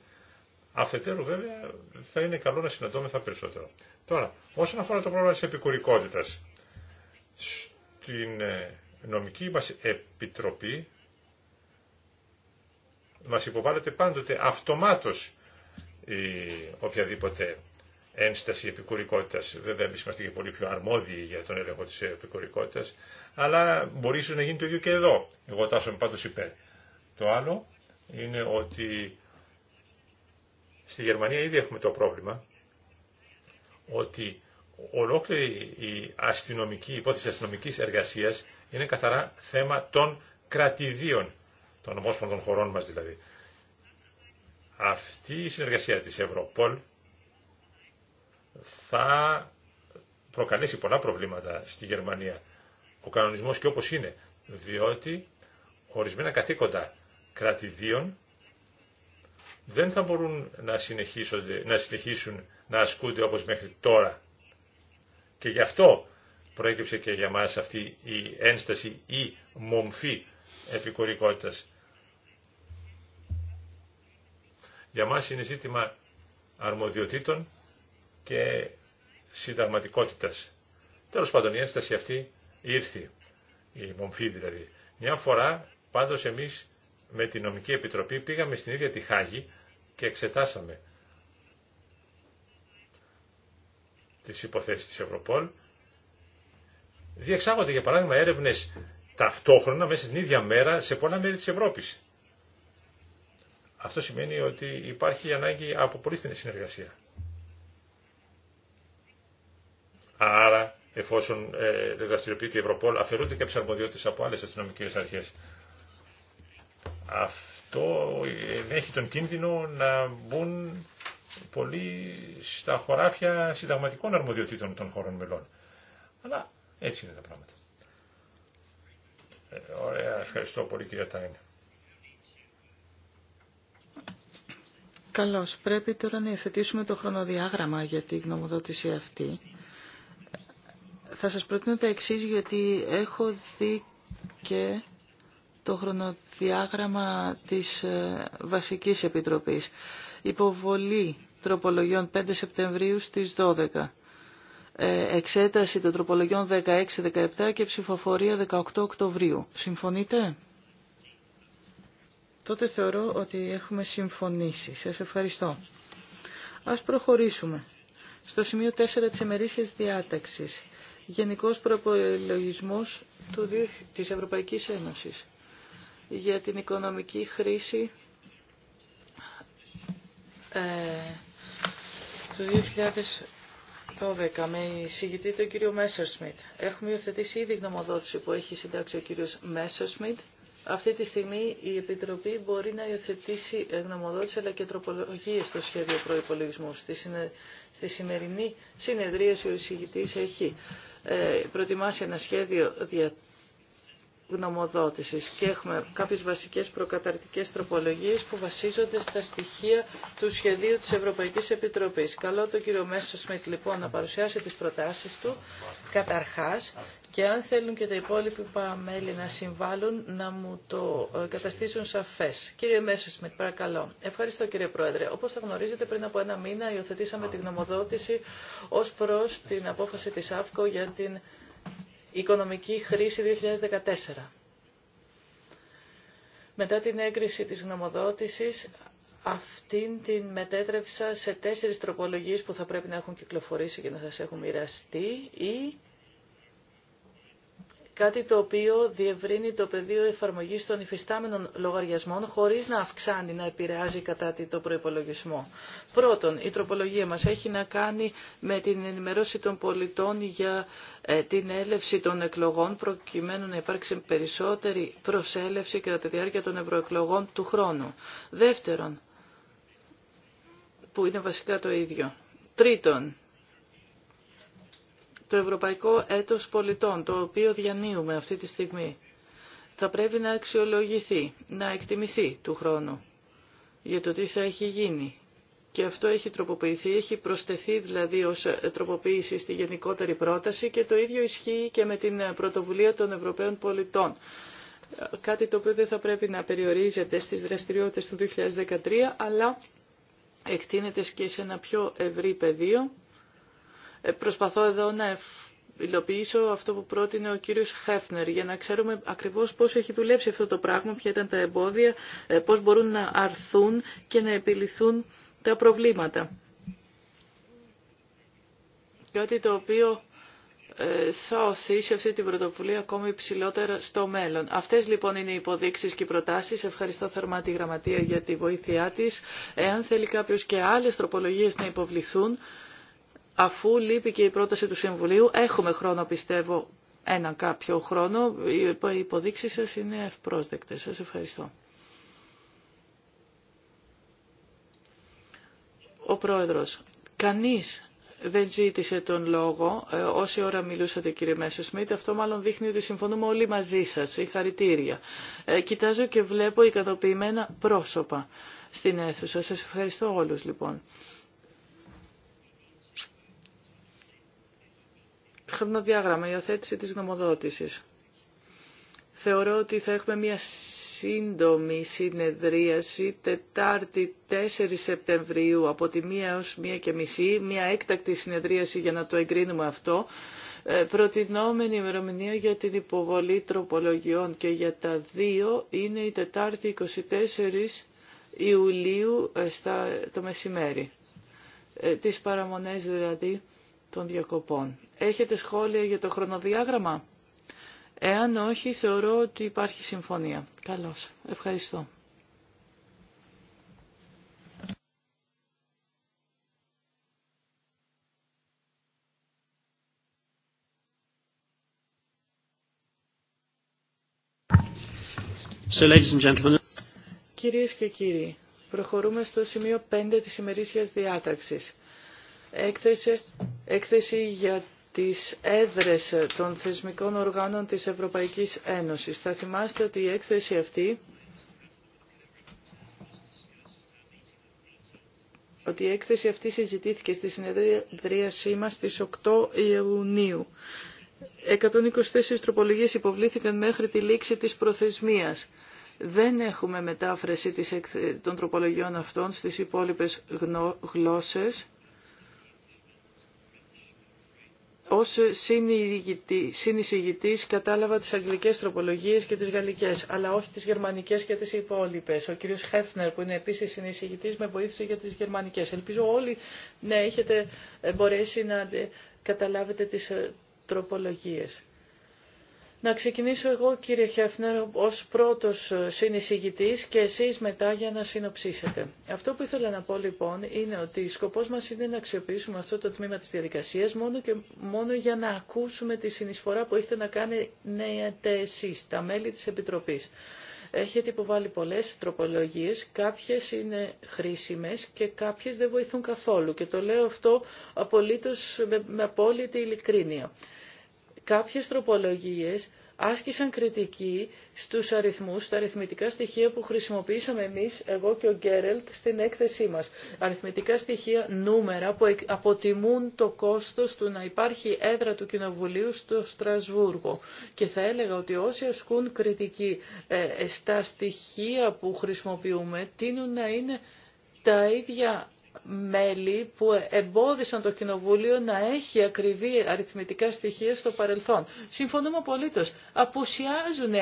αφετέρου βέβαια θα είναι καλό να συναντώμεθα περισσότερο. Τώρα, όσον αφορά το πρόβλημα της επικουρικότητας, στην ε, νομική μας επιτροπή μας υποβάλλεται πάντοτε αυτομάτως οποιαδήποτε ένσταση επικουρικότητας. Βέβαια, εμεί είμαστε και πολύ πιο αρμόδιοι για τον έλεγχο τη επικουρικότητας, αλλά μπορεί ίσως να γίνει το ίδιο και εδώ. Εγώ τάσομαι πάντω υπέρ. Το άλλο είναι ότι στη Γερμανία ήδη έχουμε το πρόβλημα ότι ολόκληρη η αστυνομική, υπόθεση αστυνομικής εργασίας είναι καθαρά θέμα των κρατηδίων, των ομόσπονδων χωρών μας δηλαδή. Αυτή η συνεργασία της Ευρωπόλ θα προκαλέσει πολλά προβλήματα στη Γερμανία. Ο κανονισμός και όπως είναι, διότι ορισμένα καθήκοντα κρατηδίων δεν θα μπορούν να, να συνεχίσουν να ασκούνται όπως μέχρι τώρα. Και γι' αυτό προέκυψε και για μας αυτή η ένσταση ή μομφή επικορικότητας. Για μας είναι ζήτημα αρμοδιοτήτων και συνταγματικότητας. Τέλος πάντων η ένσταση αυτή ήρθε, η μομφή δηλαδή. Μια φορά πάντως εμείς με την νομική επιτροπή πήγαμε στην ίδια τη Χάγη και εξετάσαμε τις υποθέσεις της Ευρωπόλ. Διεξάγονται για παράδειγμα έρευνες ταυτόχρονα μέσα στην ίδια μέρα σε πολλά μέρη της Ευρώπης. Αυτό σημαίνει ότι υπάρχει ανάγκη από πολύ στενή συνεργασία. Άρα, εφόσον ε, δραστηριοποιείται η Ευρωπόλ, αφαιρούνται και αρμοδιότητες από άλλες αστυνομικέ αρχές. Αυτό ε, έχει τον κίνδυνο να μπουν πολύ στα χωράφια συνταγματικών αρμοδιοτήτων των χωρών μελών. Αλλά έτσι είναι τα πράγματα. Ε, ωραία, ευχαριστώ πολύ κυρία Τάιν. Καλώς. Πρέπει τώρα να υιοθετήσουμε το χρονοδιάγραμμα για τη γνωμοδότηση αυτή θα σας προτείνω τα εξή γιατί έχω δει και το χρονοδιάγραμμα της ε, Βασικής Επιτροπής. Υποβολή τροπολογιών 5 Σεπτεμβρίου στις 12. Ε, εξέταση των τροπολογιών 16-17 και ψηφοφορία 18 Οκτωβρίου. Συμφωνείτε? Τότε θεωρώ ότι έχουμε συμφωνήσει. Σας ευχαριστώ. Ας προχωρήσουμε. Στο σημείο 4 της εμερήσιας διάταξης Γενικός Προπολογισμός του, της Ευρωπαϊκής Ένωσης για την οικονομική χρήση ε, του 2012 με εισηγητή τον κύριο Messerschmidt. Έχουμε υιοθετήσει ήδη γνωμοδότηση που έχει συντάξει ο κύριος Σμιτ. Αυτή τη στιγμή η Επιτροπή μπορεί να υιοθετήσει ε, γνωμοδότηση αλλά και τροπολογίες στο σχέδιο προϋπολογισμού. Στη, στη σημερινή συνεδρίαση ο εισηγητής έχει ε, προετοιμάσει ένα σχέδιο διατάξεων γνωμοδότησης και έχουμε κάποιες βασικές προκαταρτικές τροπολογίες που βασίζονται στα στοιχεία του σχεδίου της Ευρωπαϊκής Επιτροπής. Καλό το κύριο Μέσο Σμιτ λοιπόν να παρουσιάσει τις προτάσεις του καταρχάς και αν θέλουν και τα υπόλοιπα μέλη να συμβάλλουν να μου το ε, καταστήσουν σαφές. Κύριε Μέσο Σμιτ παρακαλώ. Ευχαριστώ κύριε Πρόεδρε. Όπως θα γνωρίζετε πριν από ένα μήνα υιοθετήσαμε τη γνωμοδότηση ως προς την απόφαση της ΑΦΚΟ για την Οικονομική χρήση 2014. Μετά την έγκριση της γνωμοδότησης, αυτήν την μετέτρεψα σε τέσσερις τροπολογίες που θα πρέπει να έχουν κυκλοφορήσει και να σας έχουν μοιραστεί ή κάτι το οποίο διευρύνει το πεδίο εφαρμογής των υφιστάμενων λογαριασμών χωρίς να αυξάνει, να επηρεάζει κατά τη το προϋπολογισμό. Πρώτον, η τροπολογία μας έχει να κάνει με την ενημερώση των πολιτών για ε, την έλευση των εκλογών προκειμένου να υπάρξει περισσότερη προσέλευση κατά τη διάρκεια των ευρωεκλογών του χρόνου. Δεύτερον, που είναι βασικά το ίδιο. Τρίτον, το Ευρωπαϊκό Έτος Πολιτών, το οποίο διανύουμε αυτή τη στιγμή. Θα πρέπει να αξιολογηθεί, να εκτιμηθεί του χρόνου για το τι θα έχει γίνει. Και αυτό έχει τροποποιηθεί, έχει προσθεθεί δηλαδή ως τροποποίηση στη γενικότερη πρόταση και το ίδιο ισχύει και με την πρωτοβουλία των Ευρωπαίων πολιτών. Κάτι το οποίο δεν θα πρέπει να περιορίζεται στις δραστηριότητες του 2013, αλλά εκτείνεται και σε ένα πιο ευρύ πεδίο ε, προσπαθώ εδώ να υλοποιήσω αυτό που πρότεινε ο κύριος Χέφνερ για να ξέρουμε ακριβώς πώς έχει δουλέψει αυτό το πράγμα, ποια ήταν τα εμπόδια, ε, πώς μπορούν να αρθούν και να επιληθούν τα προβλήματα. Κάτι το οποίο ε, θα οθήσει αυτή την πρωτοβουλία ακόμη υψηλότερα στο μέλλον. Αυτές λοιπόν είναι οι υποδείξεις και οι προτάσεις. Ευχαριστώ θερμά τη Γραμματεία για τη βοήθειά της. Εάν θέλει κάποιος και άλλες τροπολογίες να υποβληθούν, αφού λείπει και η πρόταση του Συμβουλίου, έχουμε χρόνο πιστεύω έναν κάποιο χρόνο, οι υποδείξεις σας είναι ευπρόσδεκτες. Σας ευχαριστώ. Ο Πρόεδρος, κανείς δεν ζήτησε τον λόγο. Ε, όση ώρα μιλούσατε κύριε Μέσο Σμίτ, αυτό μάλλον δείχνει ότι συμφωνούμε όλοι μαζί σας. Συγχαρητήρια. Ε, κοιτάζω και βλέπω ικανοποιημένα πρόσωπα στην αίθουσα. Σας ευχαριστώ όλους λοιπόν. χρονοδιάγραμμα, η υιοθέτηση της γνωμοδότησης. Θεωρώ ότι θα έχουμε μια σύντομη συνεδρίαση Τετάρτη 4 Σεπτεμβρίου από τη 1 έως μια και μισή, μια έκτακτη συνεδρίαση για να το εγκρίνουμε αυτό, ε, προτινόμενη ημερομηνία για την υποβολή τροπολογιών και για τα δύο είναι η Τετάρτη 24 Ιουλίου ε, στα, το μεσημέρι. Ε, τις παραμονές δηλαδή των διακοπών. Έχετε σχόλια για το χρονοδιάγραμμα. Εάν όχι, θεωρώ ότι υπάρχει συμφωνία. Καλώς. Ευχαριστώ. So, Κυρίες και κύριοι, προχωρούμε στο σημείο 5 της ημερήσιας διάταξης. Έκθεση έκθεση για τις έδρες των θεσμικών οργάνων της Ευρωπαϊκής Ένωσης. Θα θυμάστε ότι η έκθεση αυτή ότι η έκθεση αυτή συζητήθηκε στη συνεδρίασή μας στις 8 Ιουνίου. 124 τροπολογίες υποβλήθηκαν μέχρι τη λήξη της προθεσμίας. Δεν έχουμε μετάφραση των τροπολογιών αυτών στις υπόλοιπες γλώσσες. ως συνεισηγητής κατάλαβα τις αγγλικές τροπολογίες και τις γαλλικές, αλλά όχι τις γερμανικές και τις υπόλοιπες. Ο κύριος Χέφνερ που είναι επίσης συνεισηγητής με βοήθησε για τις γερμανικές. Ελπίζω όλοι να έχετε μπορέσει να καταλάβετε τις ε, τροπολογίες. Να ξεκινήσω εγώ κύριε Χέφνερ ως πρώτος συνεισηγητής και εσείς μετά για να συνοψίσετε. Αυτό που ήθελα να πω λοιπόν είναι ότι σκοπός μας είναι να αξιοποιήσουμε αυτό το τμήμα της διαδικασίας μόνο και μόνο για να ακούσουμε τη συνεισφορά που έχετε να κάνετε εσείς, τα μέλη της Επιτροπής. Έχετε υποβάλει πολλές τροπολογίες, κάποιες είναι χρήσιμες και κάποιες δεν βοηθούν καθόλου και το λέω αυτό απολύτως, με απόλυτη ειλικρίνεια κάποιες τροπολογίες άσκησαν κριτική στους αριθμούς, στα αριθμητικά στοιχεία που χρησιμοποιήσαμε εμείς, εγώ και ο Γκέρελτ, στην έκθεσή μας. Αριθμητικά στοιχεία, νούμερα που αποτιμούν το κόστος του να υπάρχει έδρα του Κοινοβουλίου στο Στρασβούργο. Και θα έλεγα ότι όσοι ασκούν κριτική ε, στα στοιχεία που χρησιμοποιούμε, τείνουν να είναι τα ίδια μέλη που εμπόδισαν το Κοινοβούλιο να έχει ακριβή αριθμητικά στοιχεία στο παρελθόν. Συμφωνούμε απολύτως. Απουσιάζουν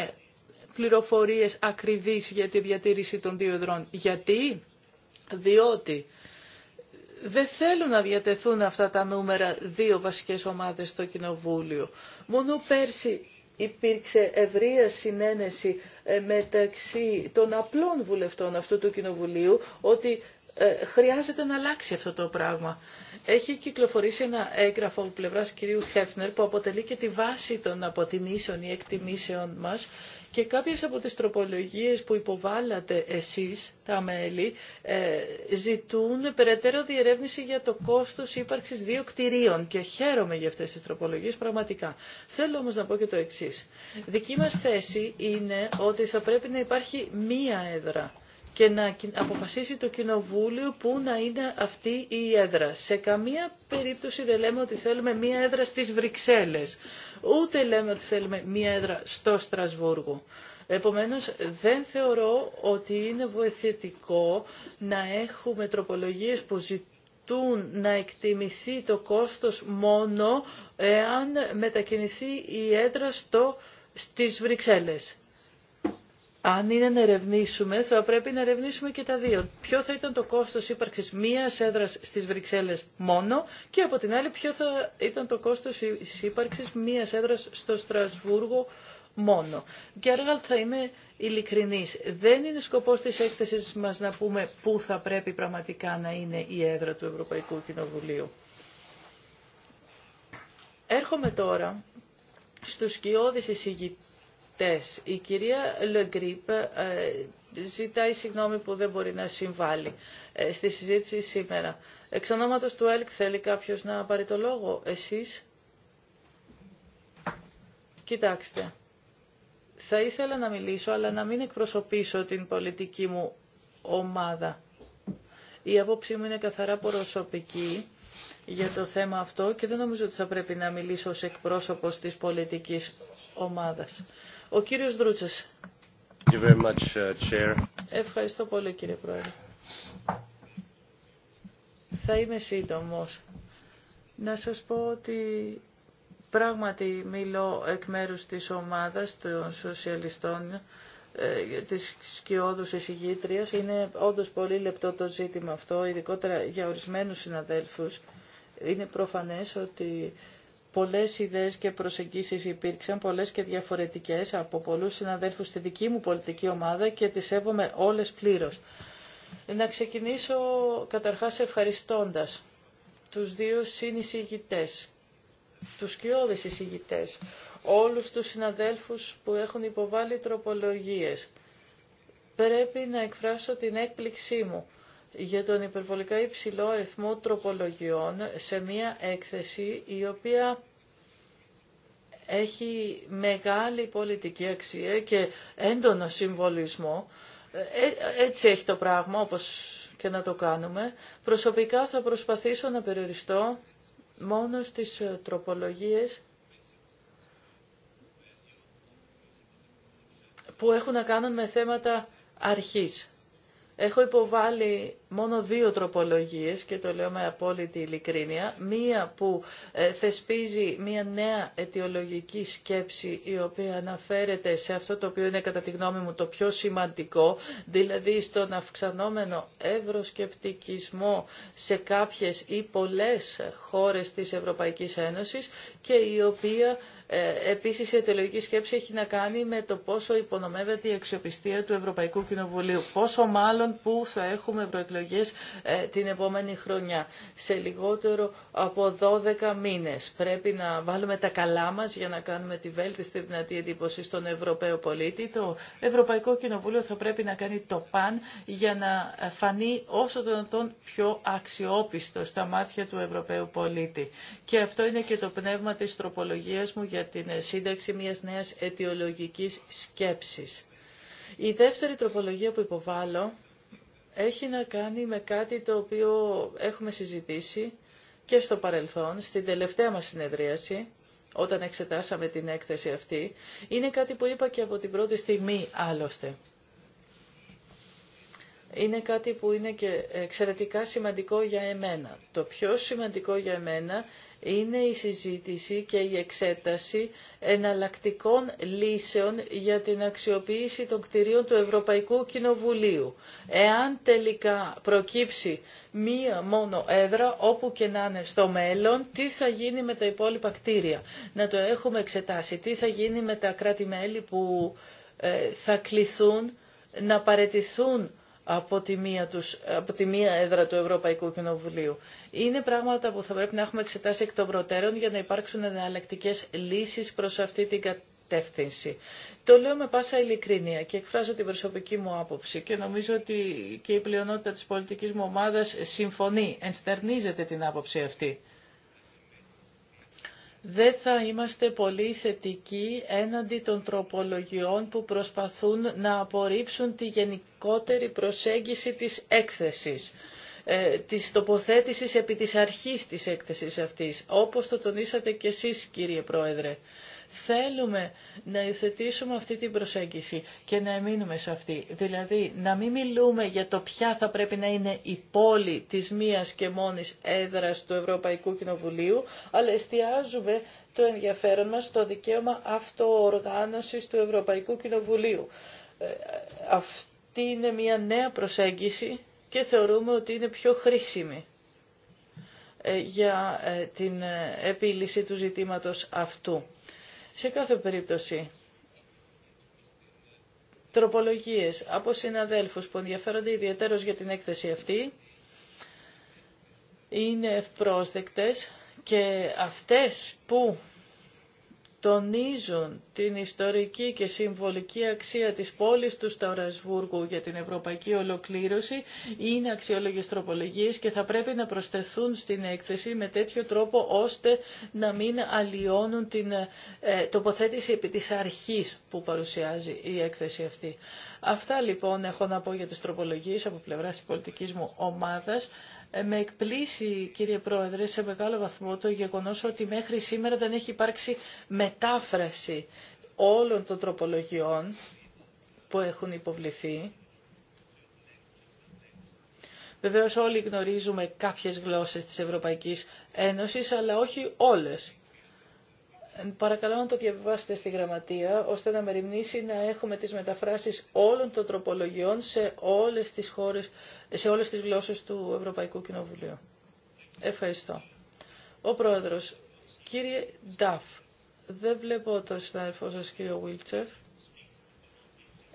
πληροφορίες ακριβείς για τη διατήρηση των δύο εδρών. Γιατί? Διότι δεν θέλουν να διατεθούν αυτά τα νούμερα δύο βασικές ομάδες στο Κοινοβούλιο. Μόνο πέρσι υπήρξε ευρεία συνένεση ε, μεταξύ των απλών βουλευτών αυτού του Κοινοβουλίου ότι ε, χρειάζεται να αλλάξει αυτό το πράγμα. Έχει κυκλοφορήσει ένα έγγραφο από πλευρά κυρίου Χέφνερ που αποτελεί και τη βάση των αποτιμήσεων ή εκτιμήσεων μας και κάποιες από τις τροπολογίες που υποβάλλατε εσείς, τα μέλη, ε, ζητούν περαιτέρω διερεύνηση για το κόστος ύπαρξη δύο κτηρίων και χαίρομαι για αυτές τις τροπολογίες πραγματικά. Θέλω όμω να πω και το εξή. Δική μα θέση είναι ότι θα πρέπει να υπάρχει μία έδρα και να αποφασίσει το Κοινοβούλιο πού να είναι αυτή η έδρα. Σε καμία περίπτωση δεν λέμε ότι θέλουμε μία έδρα στις Βρυξέλλες, ούτε λέμε ότι θέλουμε μία έδρα στο Στρασβούργο. Επομένως, δεν θεωρώ ότι είναι βοηθητικό να έχουμε τροπολογίες που ζητούν να εκτιμηθεί το κόστος μόνο εάν μετακινηθεί η έδρα στο, στις Βρυξέλλες αν είναι να ερευνήσουμε, θα πρέπει να ερευνήσουμε και τα δύο. Ποιο θα ήταν το κόστος ύπαρξης μίας έδρας στις Βρυξέλλες μόνο και από την άλλη ποιο θα ήταν το κόστος ύπαρξης μίας έδρας στο Στρασβούργο μόνο. Και άργα θα είμαι ειλικρινή. Δεν είναι σκοπός της έκθεσης μας να πούμε πού θα πρέπει πραγματικά να είναι η έδρα του Ευρωπαϊκού Κοινοβουλίου. Έρχομαι τώρα στους κοιόδης εισηγητές η κυρία Λεγκρίπ ε, ζητάει συγγνώμη που δεν μπορεί να συμβάλλει ε, στη συζήτηση σήμερα. Εξ ονόματος του ΕΛΚ θέλει κάποιος να πάρει το λόγο. Εσείς. Κοιτάξτε. Θα ήθελα να μιλήσω, αλλά να μην εκπροσωπήσω την πολιτική μου ομάδα. Η απόψη μου είναι καθαρά προσωπική για το θέμα αυτό και δεν νομίζω ότι θα πρέπει να μιλήσω ως εκπρόσωπος της πολιτικής ομάδας. Ο κύριος Δρούτσας. Uh, Ευχαριστώ πολύ κύριε Πρόεδρε. Θα είμαι σύντομος. Να σας πω ότι πράγματι μιλώ εκ μέρους της ομάδας των σοσιαλιστών ε, της σκιώδους εισηγήτριας. Είναι όντως πολύ λεπτό το ζήτημα αυτό, ειδικότερα για ορισμένους συναδέλφους. Είναι προφανές ότι πολλές ιδέες και προσεγγίσεις υπήρξαν, πολλές και διαφορετικές από πολλούς συναδέλφους στη δική μου πολιτική ομάδα και τις σέβομαι όλες πλήρως. Να ξεκινήσω καταρχάς ευχαριστώντας τους δύο συνεισηγητές, τους κοιόδες εισηγητές, όλους τους συναδέλφους που έχουν υποβάλει τροπολογίες. Πρέπει να εκφράσω την έκπληξή μου για τον υπερβολικά υψηλό αριθμό τροπολογιών σε μία έκθεση η οποία έχει μεγάλη πολιτική αξία και έντονο συμβολισμό. Ε, έτσι έχει το πράγμα, όπως και να το κάνουμε. Προσωπικά θα προσπαθήσω να περιοριστώ μόνο στις ε, τροπολογίες που έχουν να κάνουν με θέματα αρχής. Έχω υποβάλει μόνο δύο τροπολογίες και το λέω με απόλυτη ειλικρίνεια. Μία που ε, θεσπίζει μία νέα αιτιολογική σκέψη η οποία αναφέρεται σε αυτό το οποίο είναι κατά τη γνώμη μου το πιο σημαντικό, δηλαδή στον αυξανόμενο ευρωσκεπτικισμό σε κάποιες ή πολλές χώρες της Ευρωπαϊκής Ένωσης και η οποία ε, επίσης η αιτιολογική σκέψη έχει να κάνει με το πόσο υπονομεύεται η αξιοπιστία του Ευρωπαϊκού Κοινοβουλίου. Πόσο μάλλον που θα έχουμε ευρωεκλογέ ε, την επόμενη χρονιά. Σε λιγότερο από 12 μήνε. πρέπει να βάλουμε τα καλά μα για να κάνουμε τη βέλτιστη δυνατή εντύπωση στον Ευρωπαίο πολίτη. Το Ευρωπαϊκό Κοινοβούλιο θα πρέπει να κάνει το παν για να φανεί όσο δυνατόν πιο αξιόπιστο στα μάτια του Ευρωπαίου πολίτη. Και αυτό είναι και το πνεύμα τη τροπολογία μου για την σύνταξη μιας νέα αιτιολογικής σκέψη. Η δεύτερη τροπολογία που υποβάλλω έχει να κάνει με κάτι το οποίο έχουμε συζητήσει και στο παρελθόν, στην τελευταία μας συνεδρίαση, όταν εξετάσαμε την έκθεση αυτή. Είναι κάτι που είπα και από την πρώτη στιγμή, άλλωστε. Είναι κάτι που είναι και εξαιρετικά σημαντικό για εμένα. Το πιο σημαντικό για εμένα είναι η συζήτηση και η εξέταση εναλλακτικών λύσεων για την αξιοποίηση των κτηρίων του Ευρωπαϊκού Κοινοβουλίου. Εάν τελικά προκύψει μία μόνο έδρα, όπου και να είναι στο μέλλον, τι θα γίνει με τα υπόλοιπα κτίρια. Να το έχουμε εξετάσει. Τι θα γίνει με τα κράτη-μέλη που ε, θα κληθούν να παρετηθούν από τη, μία έδρα του Ευρωπαϊκού Κοινοβουλίου. Είναι πράγματα που θα πρέπει να έχουμε εξετάσει εκ των προτέρων για να υπάρξουν εναλλακτικέ λύσεις προς αυτή την κατεύθυνση. Το λέω με πάσα ειλικρίνεια και εκφράζω την προσωπική μου άποψη και νομίζω ότι και η πλειονότητα τη πολιτική μου ομάδα συμφωνεί, ενστερνίζεται την άποψη αυτή δεν θα είμαστε πολύ θετικοί έναντι των τροπολογιών που προσπαθούν να απορρίψουν τη γενικότερη προσέγγιση της έκθεσης ε, της τοποθέτησης επί της αρχής της έκθεσης αυτής, όπως το τονίσατε και εσείς κύριε Πρόεδρε. Θέλουμε να υιοθετήσουμε αυτή την προσέγγιση και να εμείνουμε σε αυτή. Δηλαδή, να μην μιλούμε για το ποια θα πρέπει να είναι η πόλη της μίας και μόνης έδρας του Ευρωπαϊκού Κοινοβουλίου, αλλά εστιάζουμε το ενδιαφέρον μας στο δικαίωμα αυτοοργάνωσης του Ευρωπαϊκού Κοινοβουλίου. Ε, αυτή είναι μια νέα προσέγγιση και θεωρούμε ότι είναι πιο χρήσιμη ε, για ε, την επίλυση του ζητήματος αυτού. Σε κάθε περίπτωση, τροπολογίες από συναδέλφους που ενδιαφέρονται ιδιαίτερως για την έκθεση αυτή είναι ευπρόσδεκτες και αυτές που τονίζουν την ιστορική και συμβολική αξία της πόλης του Σταυρασβούργου για την ευρωπαϊκή ολοκλήρωση είναι αξιόλογες τροπολογίες και θα πρέπει να προσθεθούν στην έκθεση με τέτοιο τρόπο ώστε να μην αλλοιώνουν την ε, τοποθέτηση επί της αρχής που παρουσιάζει η έκθεση αυτή. Αυτά λοιπόν έχω να πω για τις τροπολογίες από πλευράς της πολιτικής μου ομάδας. Ε, με εκπλήσει κύριε Πρόεδρε σε μεγάλο βαθμό το γεγονός ότι μέχρι σήμερα δεν έχει υπάρξει μετάφραση όλων των τροπολογιών που έχουν υποβληθεί. Βεβαίως όλοι γνωρίζουμε κάποιες γλώσσες της Ευρωπαϊκής Ένωσης, αλλά όχι όλες. Παρακαλώ να το διαβάσετε στη γραμματεία, ώστε να μεριμνήσει να έχουμε τις μεταφράσεις όλων των τροπολογιών σε όλες τις, χώρες, σε όλες τις γλώσσες του Ευρωπαϊκού Κοινοβουλίου. Ευχαριστώ. Ο Πρόεδρος, κύριε Νταφ, δεν βλέπω τον συνάδελφό σα κύριο Βίλτσεφ.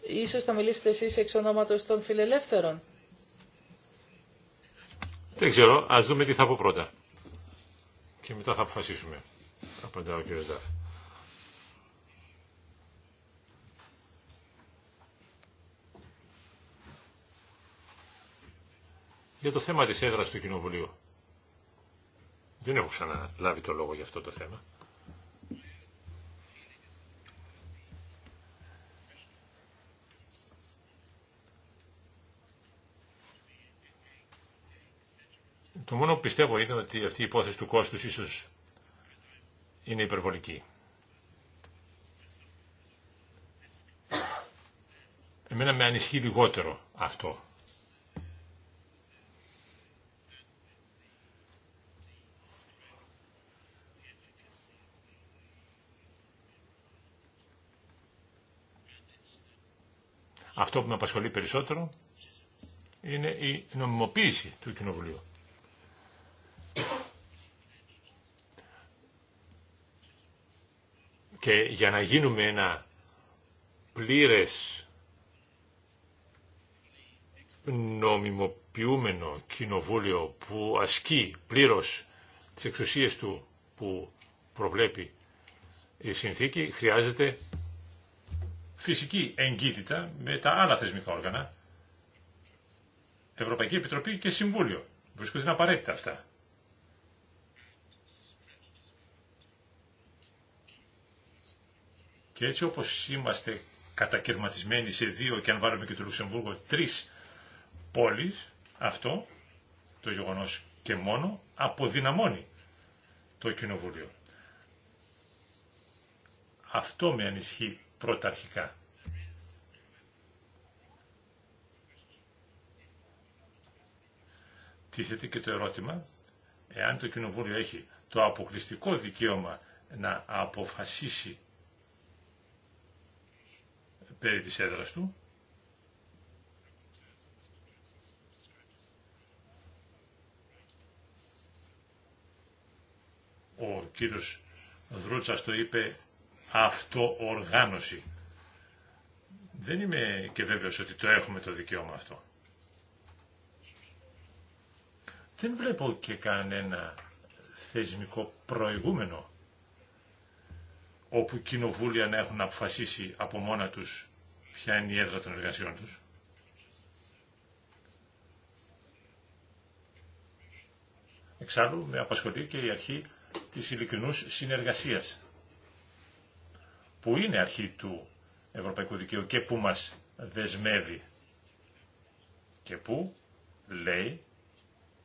Ίσως θα μιλήσετε εσείς εξ ονόματος των φιλελεύθερων. Δεν ξέρω, ας δούμε τι θα πω πρώτα. Και μετά θα αποφασίσουμε απαντά Για το θέμα της έδρας του Κοινοβουλίου. Δεν έχω ξαναλάβει το λόγο για αυτό το θέμα. Το μόνο που πιστεύω είναι ότι αυτή η υπόθεση του κόστους ίσως είναι υπερβολική. Εμένα με ανισχύει λιγότερο αυτό. Αυτό που με απασχολεί περισσότερο είναι η νομιμοποίηση του Κοινοβουλίου. Και για να γίνουμε ένα πλήρες νομιμοποιούμενο κοινοβούλιο που ασκεί πλήρως τις εξουσίες του που προβλέπει η συνθήκη, χρειάζεται φυσική εγκύτητα με τα άλλα θεσμικά όργανα, Ευρωπαϊκή Επιτροπή και Συμβούλιο. Βρίσκονται απαραίτητα αυτά. Και έτσι όπως είμαστε κατακαιρματισμένοι σε δύο και αν βάλουμε και το Λουξεμβούργο τρεις πόλεις, αυτό το γεγονός και μόνο αποδυναμώνει το Κοινοβούλιο. Αυτό με ανισχύει πρωταρχικά. Τίθεται και το ερώτημα, εάν το Κοινοβούλιο έχει το αποκλειστικό δικαίωμα να αποφασίσει περί της έδρας του. Ο κύριος Δρούτσας το είπε αυτοοργάνωση. Δεν είμαι και βέβαιος ότι το έχουμε το δικαίωμα αυτό. Δεν βλέπω και κανένα θεσμικό προηγούμενο όπου κοινοβούλια να έχουν αποφασίσει από μόνα τους ποια είναι η έδρα των εργασιών τους. Εξάλλου με απασχολεί και η αρχή της ειλικρινούς συνεργασίας, που είναι αρχή του Ευρωπαϊκού Δικαίου και που μας δεσμεύει και που λέει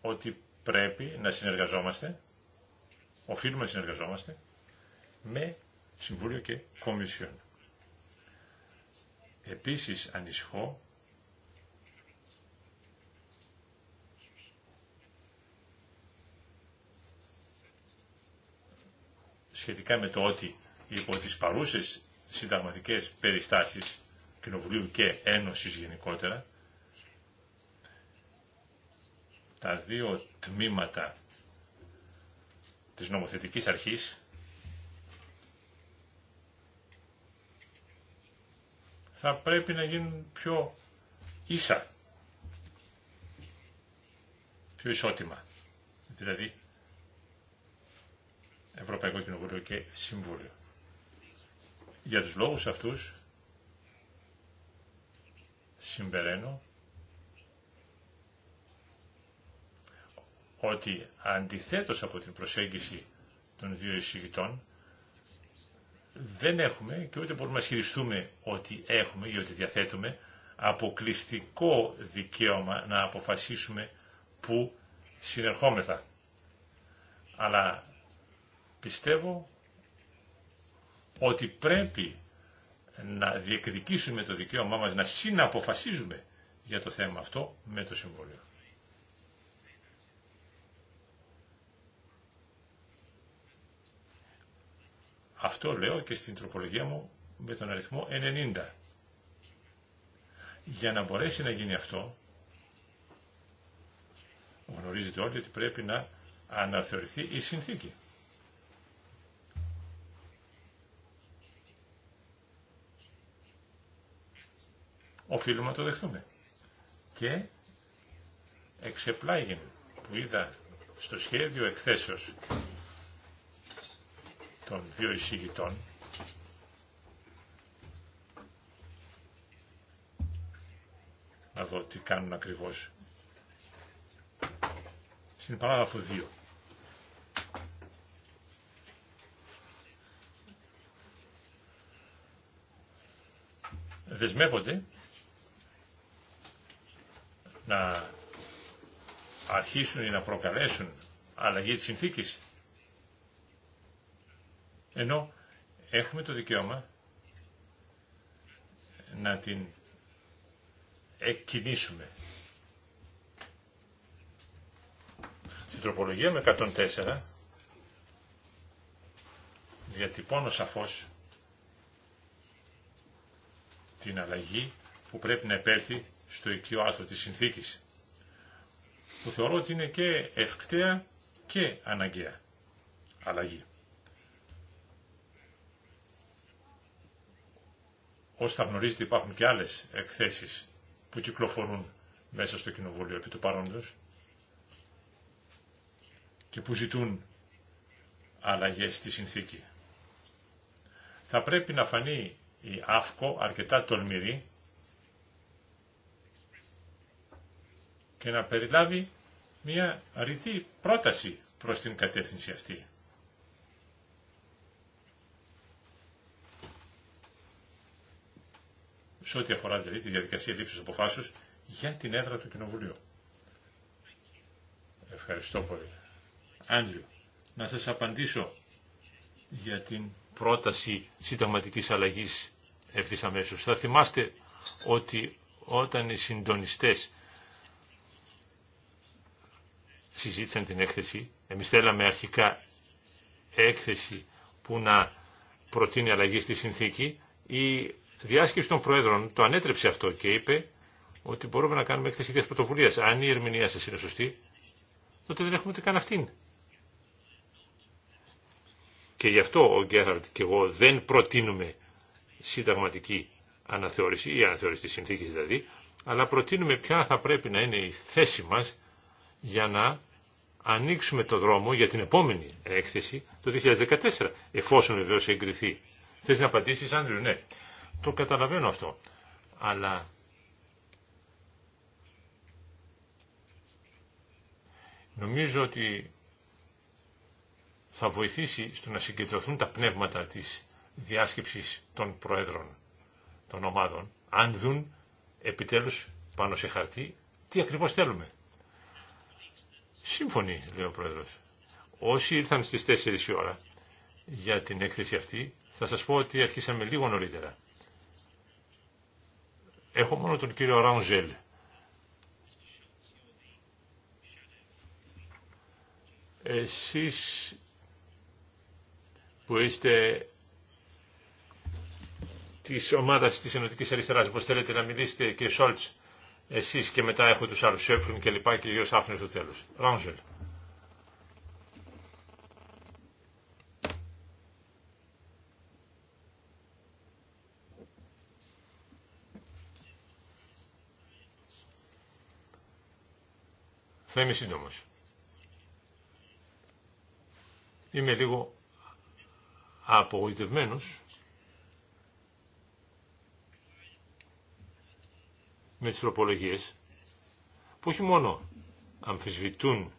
ότι πρέπει να συνεργαζόμαστε, οφείλουμε να συνεργαζόμαστε με Συμβούλιο και Κομισιόν. Επίσης ανησυχώ σχετικά με το ότι υπό τις παρούσες συνταγματικές περιστάσεις Κοινοβουλίου και Ένωσης γενικότερα, τα δύο τμήματα της νομοθετικής αρχής θα πρέπει να γίνουν πιο ίσα, πιο ισότιμα. Δηλαδή, Ευρωπαϊκό Κοινοβούλιο και Συμβούλιο. Για τους λόγους αυτούς, συμπεραίνω ότι αντιθέτως από την προσέγγιση των δύο εισηγητών, δεν έχουμε και ούτε μπορούμε να ισχυριστούμε ότι έχουμε ή ότι διαθέτουμε αποκλειστικό δικαίωμα να αποφασίσουμε που συνερχόμεθα. Αλλά πιστεύω ότι πρέπει να διεκδικήσουμε το δικαίωμά μας να συναποφασίζουμε για το θέμα αυτό με το Συμβούλιο. Αυτό λέω και στην τροπολογία μου με τον αριθμό 90. Για να μπορέσει να γίνει αυτό, γνωρίζετε όλοι ότι πρέπει να αναθεωρηθεί η συνθήκη. Οφείλουμε να το δεχθούμε. Και εξεπλάγει που είδα στο σχέδιο εκθέσεως των δύο εισηγητών να δω τι κάνουν ακριβώς. Στην παράγραφο 2. Δεσμεύονται να αρχίσουν ή να προκαλέσουν αλλαγή της συνθήκης ενώ έχουμε το δικαίωμα να την εκκινήσουμε. Στην τροπολογία με 104 διατυπώνω σαφώς την αλλαγή που πρέπει να επέλθει στο οικείο άρθρο της συνθήκης που θεωρώ ότι είναι και ευκταία και αναγκαία αλλαγή. Όσοι θα γνωρίζετε υπάρχουν και άλλες εκθέσεις που κυκλοφορούν μέσα στο Κοινοβούλιο επί του παρόντος και που ζητούν αλλαγές στη συνθήκη. Θα πρέπει να φανεί η ΑΦΚΟ αρκετά τολμηρή και να περιλάβει μια ρητή πρόταση προς την κατεύθυνση αυτή. σε ό,τι αφορά δηλαδή τη διαδικασία λήψη αποφάσεω για την έδρα του Κοινοβουλίου. Ευχαριστώ πολύ. Άντριο, να σας απαντήσω για την πρόταση συνταγματικής αλλαγής ευθύς αμέσως. Θα θυμάστε ότι όταν οι συντονιστές συζήτησαν την έκθεση, εμείς θέλαμε αρχικά έκθεση που να προτείνει αλλαγή στη συνθήκη, ή διάσκεψη των Προέδρων το ανέτρεψε αυτό και είπε ότι μπορούμε να κάνουμε έκθεση ίδια Αν η ερμηνεία σα είναι σωστή, τότε δεν έχουμε ούτε καν αυτήν. Και γι' αυτό ο Γκέραρτ και εγώ δεν προτείνουμε συνταγματική αναθεώρηση ή αναθεώρηση της συνθήκης δηλαδή, αλλά προτείνουμε ποια θα πρέπει να είναι η θέση μα για να ανοίξουμε το δρόμο για την επόμενη έκθεση το 2014, εφόσον βεβαίω εγκριθεί. Θε να απαντήσει, Άντριου, ναι. Το καταλαβαίνω αυτό. Αλλά νομίζω ότι θα βοηθήσει στο να συγκεντρωθούν τα πνεύματα της διάσκεψης των προέδρων των ομάδων, αν δουν επιτέλους πάνω σε χαρτί τι ακριβώς θέλουμε. Σύμφωνοι, λέει ο Πρόεδρος. Όσοι ήρθαν στις 4 η ώρα για την έκθεση αυτή, θα σας πω ότι αρχίσαμε λίγο νωρίτερα. Έχω μόνο τον κύριο Ράνζελ. Εσείς που είστε της ομάδας της Ενωτικής Αριστεράς, πώς θέλετε να μιλήσετε και Σόλτς, εσείς και μετά έχω τους άλλους, Σέφριν και λοιπά και ο Σάφνερ στο τέλος. Ράνζελ. Θα είμαι Είμαι λίγο απογοητευμένος με τις τροπολογίες που όχι μόνο αμφισβητούν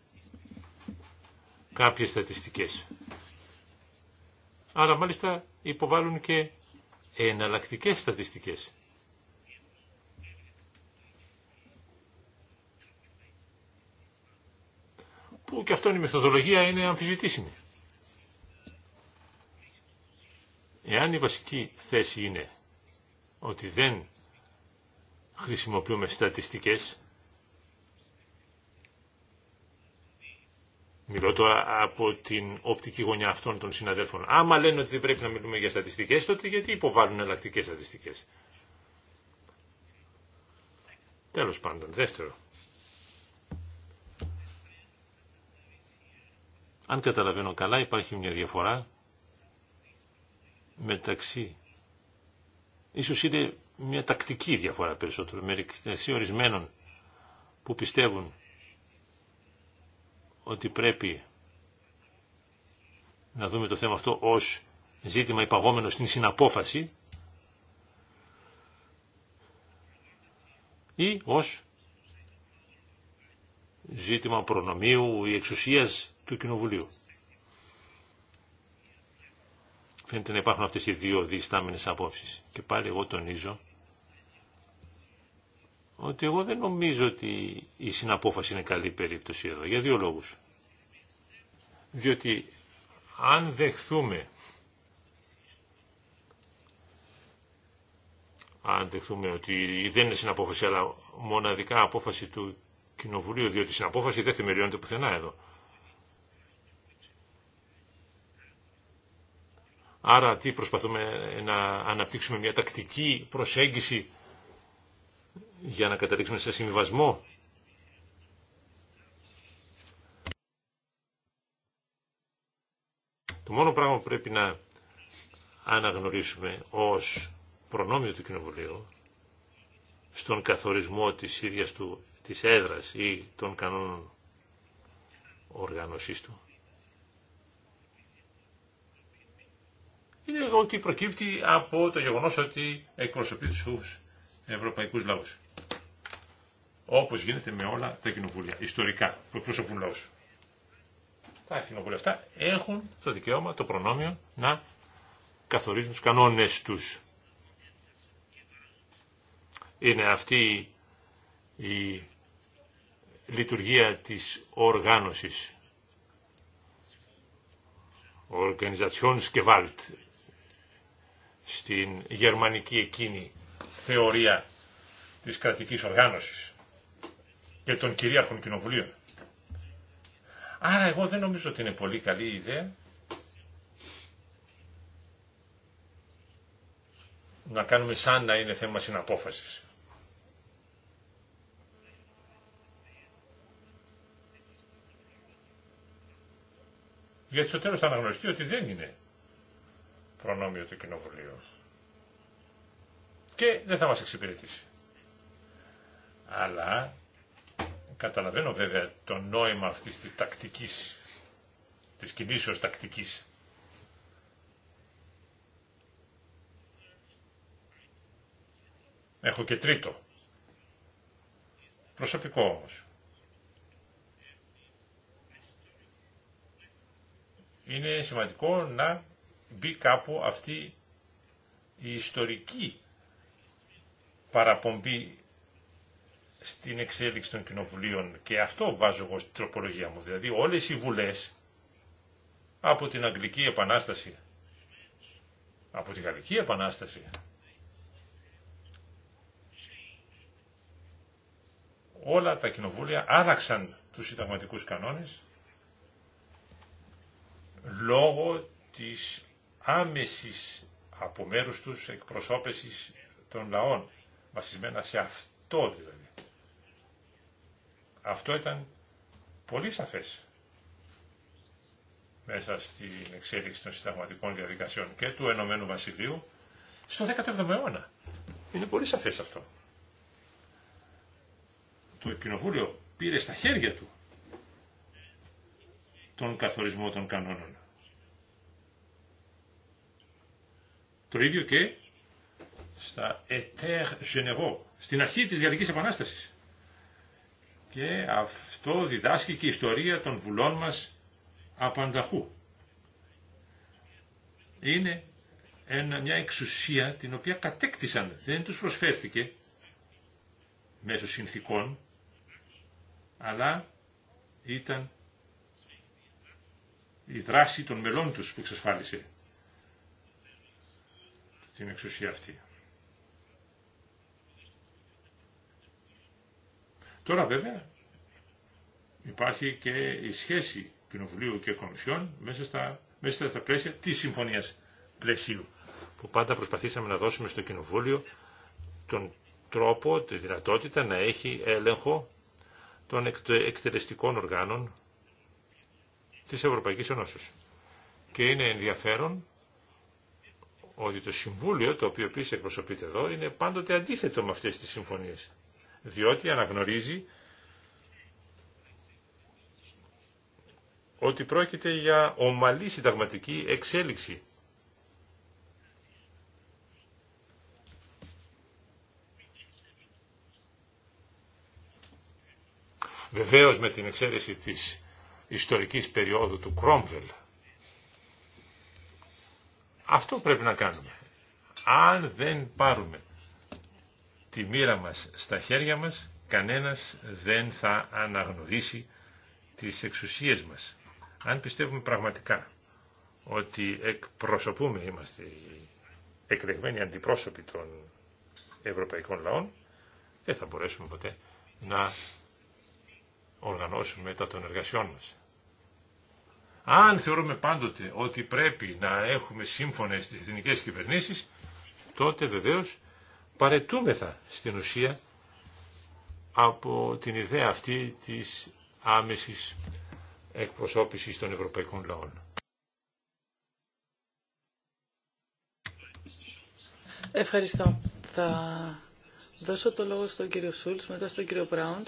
κάποιες στατιστικές αλλά μάλιστα υποβάλλουν και εναλλακτικές στατιστικές που και αυτόν η μεθοδολογία είναι αμφισβητήσιμη. Εάν η βασική θέση είναι ότι δεν χρησιμοποιούμε στατιστικές, Μιλώ τώρα από την οπτική γωνιά αυτών των συναδέλφων. Άμα λένε ότι δεν πρέπει να μιλούμε για στατιστικές, τότε γιατί υποβάλλουν εναλλακτικές στατιστικές. Τέλος πάντων, δεύτερο. Αν καταλαβαίνω καλά υπάρχει μια διαφορά μεταξύ, ίσως είναι μια τακτική διαφορά περισσότερο, μεταξύ ορισμένων που πιστεύουν ότι πρέπει να δούμε το θέμα αυτό ως ζήτημα υπαγόμενο στην συναπόφαση ή ως ζήτημα προνομίου ή εξουσίας του Κοινοβουλίου. Φαίνεται να υπάρχουν αυτές οι δύο διστάμενες απόψεις. Και πάλι εγώ τονίζω ότι εγώ δεν νομίζω ότι η συναπόφαση είναι καλή περίπτωση εδώ, για δύο λόγους. Διότι αν δεχθούμε, αν δεχθούμε ότι δεν είναι συναπόφαση, αλλά μοναδικά απόφαση του Κοινοβουλίου, διότι η συναπόφαση δεν θεμελιώνεται πουθενά εδώ. Άρα τι προσπαθούμε ε, να αναπτύξουμε μια τακτική προσέγγιση για να καταλήξουμε σε συμβιβασμό. Το μόνο πράγμα που πρέπει να αναγνωρίσουμε ως προνόμιο του Κοινοβουλίου στον καθορισμό της ίδιας του της έδρας ή των κανόνων οργάνωσής του είναι ότι προκύπτει από το γεγονός ότι εκπροσωπεί τους ευρωπαϊκούς λαούς. Όπως γίνεται με όλα τα κοινοβούλια, ιστορικά, που εκπροσωπούν λαούς. Τα κοινοβούλια αυτά έχουν το δικαίωμα, το προνόμιο να καθορίζουν τους κανόνες τους. Είναι αυτή η λειτουργία της οργάνωσης. Οργανιζατσιόν σκεβάλτ στην γερμανική εκείνη θεωρία της κρατικής οργάνωσης και των κυρίαρχων κοινοβουλίων. Άρα εγώ δεν νομίζω ότι είναι πολύ καλή ιδέα να κάνουμε σαν να είναι θέμα συναπόφασης. Γιατί στο τέλος θα αναγνωριστεί ότι δεν είναι προνόμιο του Κοινοβουλίου. Και δεν θα μας εξυπηρετήσει. Αλλά καταλαβαίνω βέβαια το νόημα αυτής της τακτικής, της κινήσεως τακτικής. Έχω και τρίτο. Προσωπικό όμως. Είναι σημαντικό να μπει κάπου αυτή η ιστορική παραπομπή στην εξέλιξη των κοινοβουλίων και αυτό βάζω εγώ στην τροπολογία μου. Δηλαδή όλες οι βουλές από την Αγγλική Επανάσταση, από την Γαλλική Επανάσταση, όλα τα κοινοβούλια άλλαξαν τους συνταγματικούς κανόνες λόγω της άμεσης από μέρους τους εκπροσώπησης των λαών, βασισμένα σε αυτό δηλαδή. Αυτό ήταν πολύ σαφές μέσα στην εξέλιξη των συνταγματικών διαδικασιών και του Ενωμένου Βασιλείου στο 17ο αιώνα. Είναι πολύ σαφές αυτό. Το Κοινοβούλιο πήρε στα χέρια του τον καθορισμό των κανόνων. Το ίδιο και στα Ether Généraux, στην αρχή της Γαλλικής Επανάστασης. Και αυτό διδάσκει και η ιστορία των βουλών μας απανταχού. Είναι μια εξουσία την οποία κατέκτησαν, δεν τους προσφέρθηκε μέσω συνθήκων, αλλά ήταν η δράση των μελών τους που εξασφάλισε την εξουσία αυτή. Τώρα βέβαια υπάρχει και η σχέση Κοινοβουλίου και Κομισιών μέσα στα, μέσα στα πλαίσια της Συμφωνίας Πλαισίου που πάντα προσπαθήσαμε να δώσουμε στο Κοινοβούλιο τον τρόπο, τη δυνατότητα να έχει έλεγχο των εκτελεστικών οργάνων της Ευρωπαϊκής Ενώσεως. Και είναι ενδιαφέρον ότι το Συμβούλιο, το οποίο επίσης εκπροσωπείται εδώ, είναι πάντοτε αντίθετο με αυτές τις συμφωνίες. Διότι αναγνωρίζει ότι πρόκειται για ομαλή συνταγματική εξέλιξη. Βεβαίως με την εξαίρεση της ιστορικής περίοδου του Κρόμβελ, αυτό πρέπει να κάνουμε. Αν δεν πάρουμε τη μοίρα μας στα χέρια μας, κανένας δεν θα αναγνωρίσει τις εξουσίες μας. Αν πιστεύουμε πραγματικά ότι εκπροσωπούμε, είμαστε εκλεγμένοι αντιπρόσωποι των ευρωπαϊκών λαών, δεν θα μπορέσουμε ποτέ να οργανώσουμε τα των εργασιών μας. Αν θεωρούμε πάντοτε ότι πρέπει να έχουμε σύμφωνες στις εθνικέ κυβερνήσει, τότε βεβαίως παρετούμεθα στην ουσία από την ιδέα αυτή της άμεσης εκπροσώπησης των ευρωπαϊκών λαών. Ευχαριστώ. Θα δώσω το λόγο στον κύριο Σούλτ, μετά στον κύριο Μπράουντ.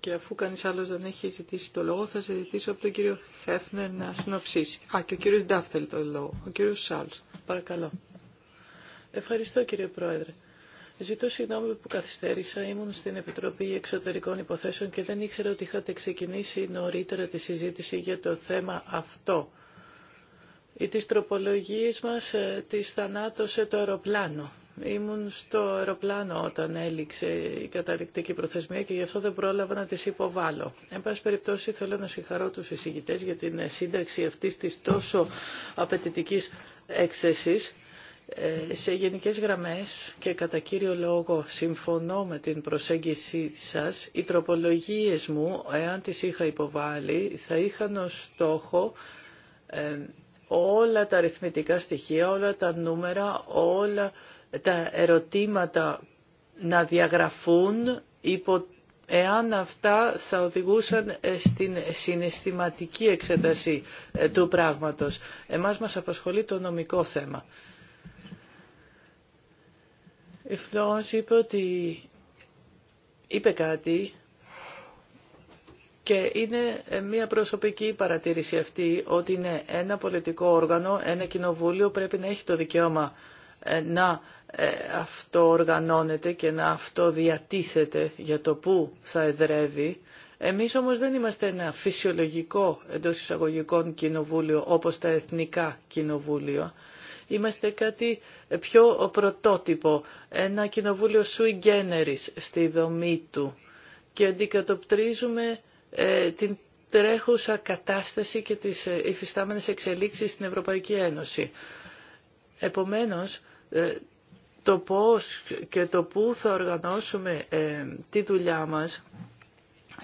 Και αφού κανεί άλλο δεν έχει ζητήσει το λόγο, θα ζητήσω από τον κύριο Χέφνερ να συνοψίσει. Α, και ο κύριο Ντάφ θέλει το λόγο. Ο κύριος Σάλ. Παρακαλώ. Ευχαριστώ κύριε Πρόεδρε. Ζητώ συγγνώμη που καθυστέρησα. Ήμουν στην Επιτροπή Εξωτερικών Υποθέσεων και δεν ήξερα ότι είχατε ξεκινήσει νωρίτερα τη συζήτηση για το θέμα αυτό. Ή τις τροπολογίες μας ε, τις θανάτωσε το αεροπλάνο. Ήμουν στο αεροπλάνο όταν έληξε η καταληκτική προθεσμία και γι' αυτό δεν πρόλαβα να τις υποβάλω. Εν πάση περιπτώσει θέλω να συγχαρώ τους εισηγητές για την σύνταξη αυτής της τόσο απαιτητικής έκθεσης. Ε, σε γενικές γραμμές και κατά κύριο λόγο συμφωνώ με την προσέγγιση σας. Οι τροπολογίες μου, εάν τις είχα υποβάλει, θα είχαν ως στόχο ε, όλα τα αριθμητικά στοιχεία, όλα τα νούμερα, όλα τα ερωτήματα να διαγραφούν υπό εάν αυτά θα οδηγούσαν ε, στην συναισθηματική εξέταση ε, του πράγματος. Εμάς μας απασχολεί το νομικό θέμα. Η Φλόγος είπε ότι είπε κάτι και είναι ε, μια προσωπική παρατήρηση αυτή ότι είναι ένα πολιτικό όργανο, ένα κοινοβούλιο πρέπει να έχει το δικαίωμα να ε, αυτό οργανώνεται και να αυτό διατίθεται για το πού θα εδρεύει. Εμείς όμως δεν είμαστε ένα φυσιολογικό εντός εισαγωγικών κοινοβούλιο όπως τα εθνικά κοινοβούλια. Είμαστε κάτι πιο πρωτότυπο, ένα κοινοβούλιο sui generis στη δομή του και αντικατοπτρίζουμε ε, την τρέχουσα κατάσταση και τις ε, υφιστάμενες εξελίξεις στην Ευρωπαϊκή Ένωση. Επομένως, το πώς και το πού θα οργανώσουμε ε, τη δουλειά μας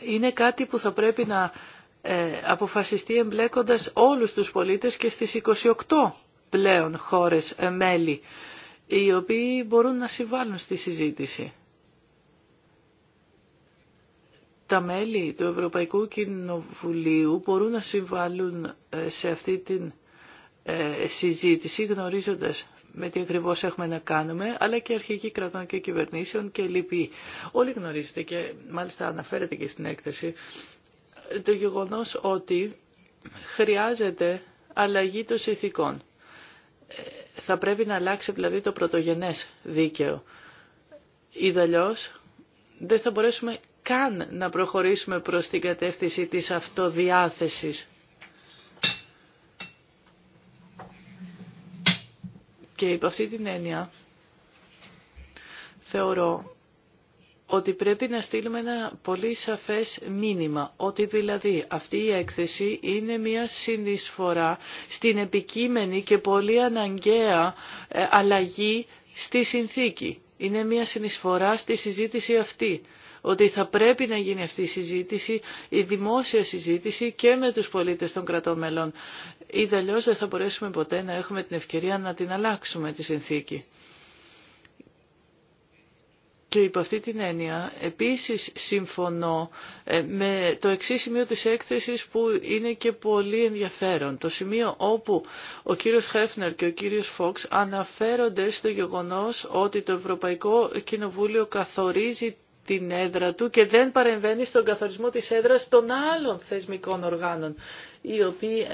είναι κάτι που θα πρέπει να ε, αποφασιστεί εμπλέκοντας όλους τους πολίτες και στις 28 πλέον χώρες ε, μέλη οι οποίοι μπορούν να συμβάλλουν στη συζήτηση. Τα μέλη του Ευρωπαϊκού Κοινοβουλίου μπορούν να συμβάλλουν ε, σε αυτή τη συζήτηση γνωρίζοντας με τι ακριβώ έχουμε να κάνουμε, αλλά και αρχηγοί κρατών και κυβερνήσεων και λοιποί. Όλοι γνωρίζετε και μάλιστα αναφέρεται και στην έκθεση το γεγονό ότι χρειάζεται αλλαγή των συνθηκών. Ε, θα πρέπει να αλλάξει δηλαδή το πρωτογενές δίκαιο. Ιδαλλιώ δεν θα μπορέσουμε καν να προχωρήσουμε προς την κατεύθυνση της αυτοδιάθεσης Και υπ' αυτή την έννοια θεωρώ ότι πρέπει να στείλουμε ένα πολύ σαφές μήνυμα, ότι δηλαδή αυτή η έκθεση είναι μια συνεισφορά στην επικείμενη και πολύ αναγκαία ε, αλλαγή στη συνθήκη. Είναι μια συνεισφορά στη συζήτηση αυτή ότι θα πρέπει να γίνει αυτή η συζήτηση, η δημόσια συζήτηση και με τους πολίτες των κρατών μελών. Ιδαλλιώς δεν θα μπορέσουμε ποτέ να έχουμε την ευκαιρία να την αλλάξουμε τη συνθήκη. Και υπό αυτή την έννοια επίσης συμφωνώ ε, με το εξή σημείο της έκθεσης που είναι και πολύ ενδιαφέρον. Το σημείο όπου ο κύριος Χέφνερ και ο κύριος Φόξ αναφέρονται στο γεγονός ότι το Ευρωπαϊκό Κοινοβούλιο καθορίζει την έδρα του και δεν παρεμβαίνει στον καθορισμό της έδρας των άλλων θεσμικών οργάνων, οι οποίοι,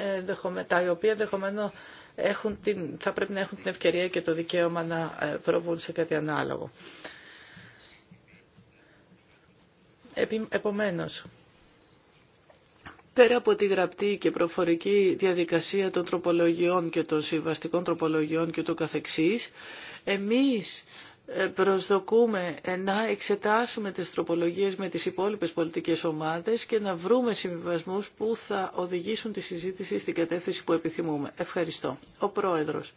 τα οποία ενδεχομένω έχουν την, θα πρέπει να έχουν την ευκαιρία και το δικαίωμα να ε, προβούν σε κάτι ανάλογο. Επομένως, πέρα από τη γραπτή και προφορική διαδικασία των τροπολογιών και των συμβαστικών τροπολογιών και του καθεξής, εμείς προσδοκούμε να εξετάσουμε τις τροπολογίες με τις υπόλοιπες πολιτικές ομάδες και να βρούμε συμβιβασμούς που θα οδηγήσουν τη συζήτηση στην κατεύθυνση που επιθυμούμε. Ευχαριστώ. Ο Πρόεδρος.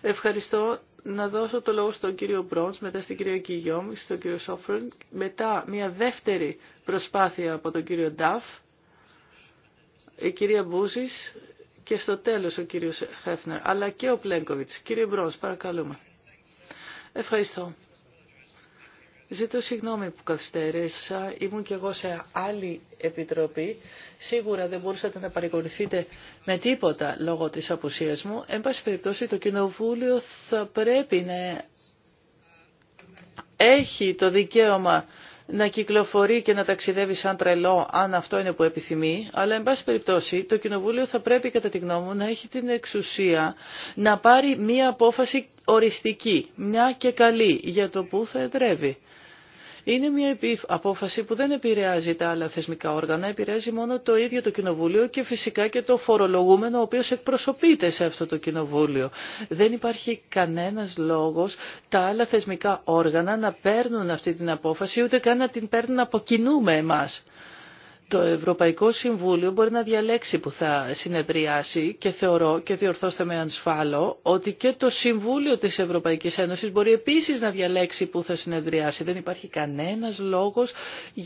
Ευχαριστώ να δώσω το λόγο στον κύριο Μπρόντς, μετά στην κυρία Κιγιόμ, στον κύριο Σόφρον, μετά μια δεύτερη προσπάθεια από τον κύριο Νταφ, η κυρία Μπούζης και στο τέλος ο κύριος Χέφνερ, αλλά και ο Πλέγκοβιτς. Κύριε Μπρόντς, παρακαλούμε. Ευχαριστώ. Ζήτω συγγνώμη που καθυστέρησα. Ήμουν κι εγώ σε άλλη επιτροπή. Σίγουρα δεν μπορούσατε να παρηγορηθείτε με τίποτα λόγω της απουσίας μου. Εν πάση περιπτώσει το Κοινοβούλιο θα πρέπει να έχει το δικαίωμα να κυκλοφορεί και να ταξιδεύει σαν τρελό, αν αυτό είναι που επιθυμεί, αλλά εν πάση περιπτώσει το Κοινοβούλιο θα πρέπει κατά τη γνώμη μου να έχει την εξουσία να πάρει μία απόφαση οριστική, μια και καλή για το που θα εδρεύει. Είναι μια απόφαση που δεν επηρεάζει τα άλλα θεσμικά όργανα, επηρεάζει μόνο το ίδιο το Κοινοβούλιο και φυσικά και το φορολογούμενο ο οποίο εκπροσωπείται σε αυτό το Κοινοβούλιο. Δεν υπάρχει κανένας λόγος τα άλλα θεσμικά όργανα να παίρνουν αυτή την απόφαση, ούτε καν να την παίρνουν από κοινού με εμάς το Ευρωπαϊκό Συμβούλιο μπορεί να διαλέξει που θα συνεδριάσει και θεωρώ και διορθώστε με αν ότι και το Συμβούλιο της Ευρωπαϊκής Ένωσης μπορεί επίσης να διαλέξει που θα συνεδριάσει. Δεν υπάρχει κανένας λόγος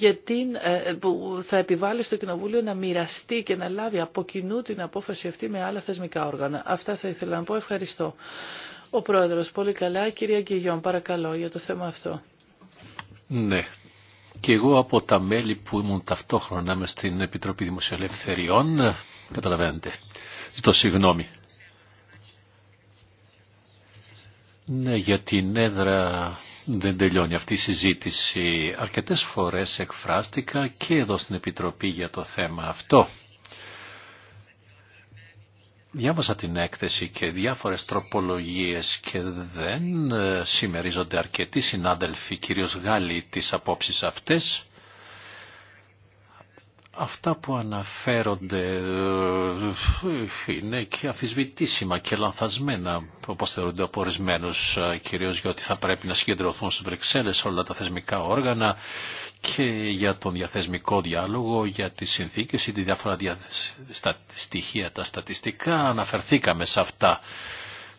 ε, που θα επιβάλλει στο Κοινοβούλιο να μοιραστεί και να λάβει από κοινού την απόφαση αυτή με άλλα θεσμικά όργανα. Αυτά θα ήθελα να πω. Ευχαριστώ. Ο Πρόεδρος, πολύ καλά. Κυρία Γκυγιόν, παρακαλώ για το θέμα αυτό. Ναι, και εγώ από τα μέλη που ήμουν ταυτόχρονα με στην Επιτροπή Δημοσιολευθεριών, καταλαβαίνετε, ζητώ συγγνώμη. Ναι, για την έδρα δεν τελειώνει αυτή η συζήτηση. Αρκετές φορές εκφράστηκα και εδώ στην Επιτροπή για το θέμα αυτό. Διάβασα την έκθεση και διάφορες τροπολογίες και δεν ε, συμμερίζονται αρκετοί συνάδελφοι, κυρίως Γάλλοι, τις απόψεις αυτές αυτά που αναφέρονται ε, είναι και αφισβητήσιμα και λανθασμένα όπως θεωρούνται από ορισμένου ε, κυρίως για ότι θα πρέπει να συγκεντρωθούν στις Βρυξέλλες όλα τα θεσμικά όργανα και για τον διαθεσμικό διάλογο, για τις συνθήκες ή τη διάφορα δια... στα... στοιχεία, τα στατιστικά, αναφερθήκαμε σε αυτά.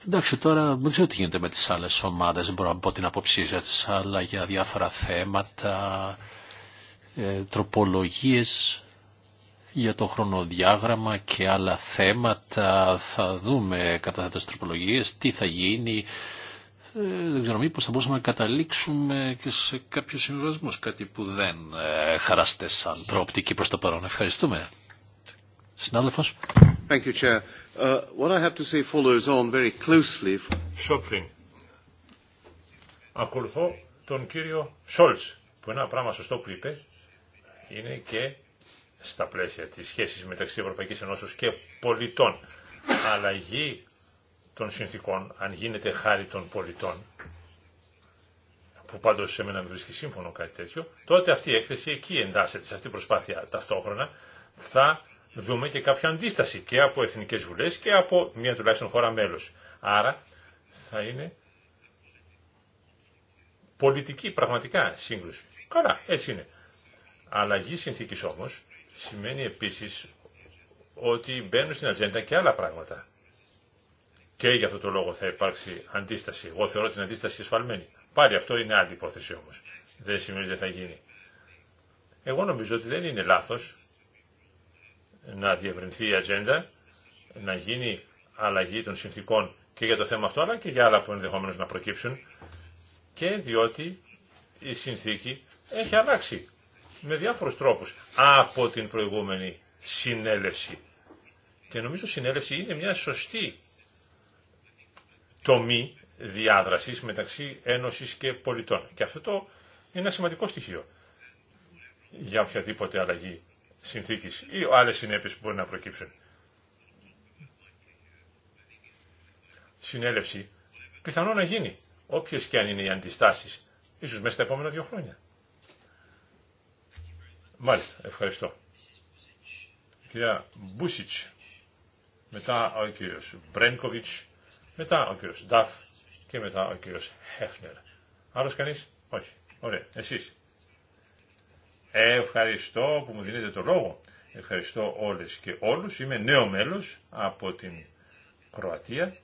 Εντάξει, τώρα δεν ξέρω τι γίνεται με τις άλλες ομάδες, δεν μπορώ να πω την αποψή σας, αλλά για διάφορα θέματα, ε, τροπολογίες για το χρονοδιάγραμμα και άλλα θέματα. Θα δούμε κατά τις τροπολογίες τι θα γίνει. Ε, δεν ξέρω μήπως θα μπορούσαμε να καταλήξουμε και σε κάποιους συμβιβασμούς, κάτι που δεν ε, χαράστε σαν προοπτική προς το παρόν. Ευχαριστούμε. Συνάδελφος. Thank you, Ακολουθώ τον κύριο Σόλτς, που ένα πράγμα σωστό που είπε είναι και στα πλαίσια της σχέσης μεταξύ Ευρωπαϊκής Ενώσεως και πολιτών. Αλλαγή των συνθήκων, αν γίνεται χάρη των πολιτών, που πάντως σε μένα βρίσκει σύμφωνο κάτι τέτοιο, τότε αυτή η έκθεση εκεί εντάσσεται σε αυτή την προσπάθεια ταυτόχρονα, θα δούμε και κάποια αντίσταση και από εθνικές βουλές και από μια τουλάχιστον χώρα μέλος. Άρα θα είναι πολιτική πραγματικά σύγκρουση. Καλά, έτσι είναι. Αλλαγή συνθήκης όμως σημαίνει επίσης ότι μπαίνουν στην ατζέντα και άλλα πράγματα. Και για αυτό το λόγο θα υπάρξει αντίσταση. Εγώ θεωρώ την αντίσταση εσφαλμένη. Πάλι αυτό είναι άλλη υπόθεση όμως. Δεν σημαίνει ότι θα γίνει. Εγώ νομίζω ότι δεν είναι λάθος να διευρυνθεί η ατζέντα, να γίνει αλλαγή των συνθήκων και για το θέμα αυτό, αλλά και για άλλα που ενδεχομένως να προκύψουν και διότι η συνθήκη έχει αλλάξει με διάφορους τρόπους από την προηγούμενη συνέλευση. Και νομίζω συνέλευση είναι μια σωστή τομή διάδρασης μεταξύ Ένωσης και πολιτών. Και αυτό το είναι ένα σημαντικό στοιχείο για οποιαδήποτε αλλαγή συνθήκης ή άλλες συνέπειες που μπορεί να προκύψουν. Συνέλευση πιθανόν να γίνει, όποιες και αν είναι οι αντιστάσεις, ίσως μέσα στα επόμενα δύο χρόνια. Μάλιστα, ευχαριστώ. Κυρία Μπούσιτς, μετά ο κύριος Μπρένκοβιτς, μετά ο κύριος Νταφ και μετά ο κύριος Χέφνερ. Άλλος κανείς? Όχι. Ωραία. Εσείς. Ευχαριστώ που μου δίνετε το λόγο. Ευχαριστώ όλες και όλους. Είμαι νέο μέλος από την Κροατία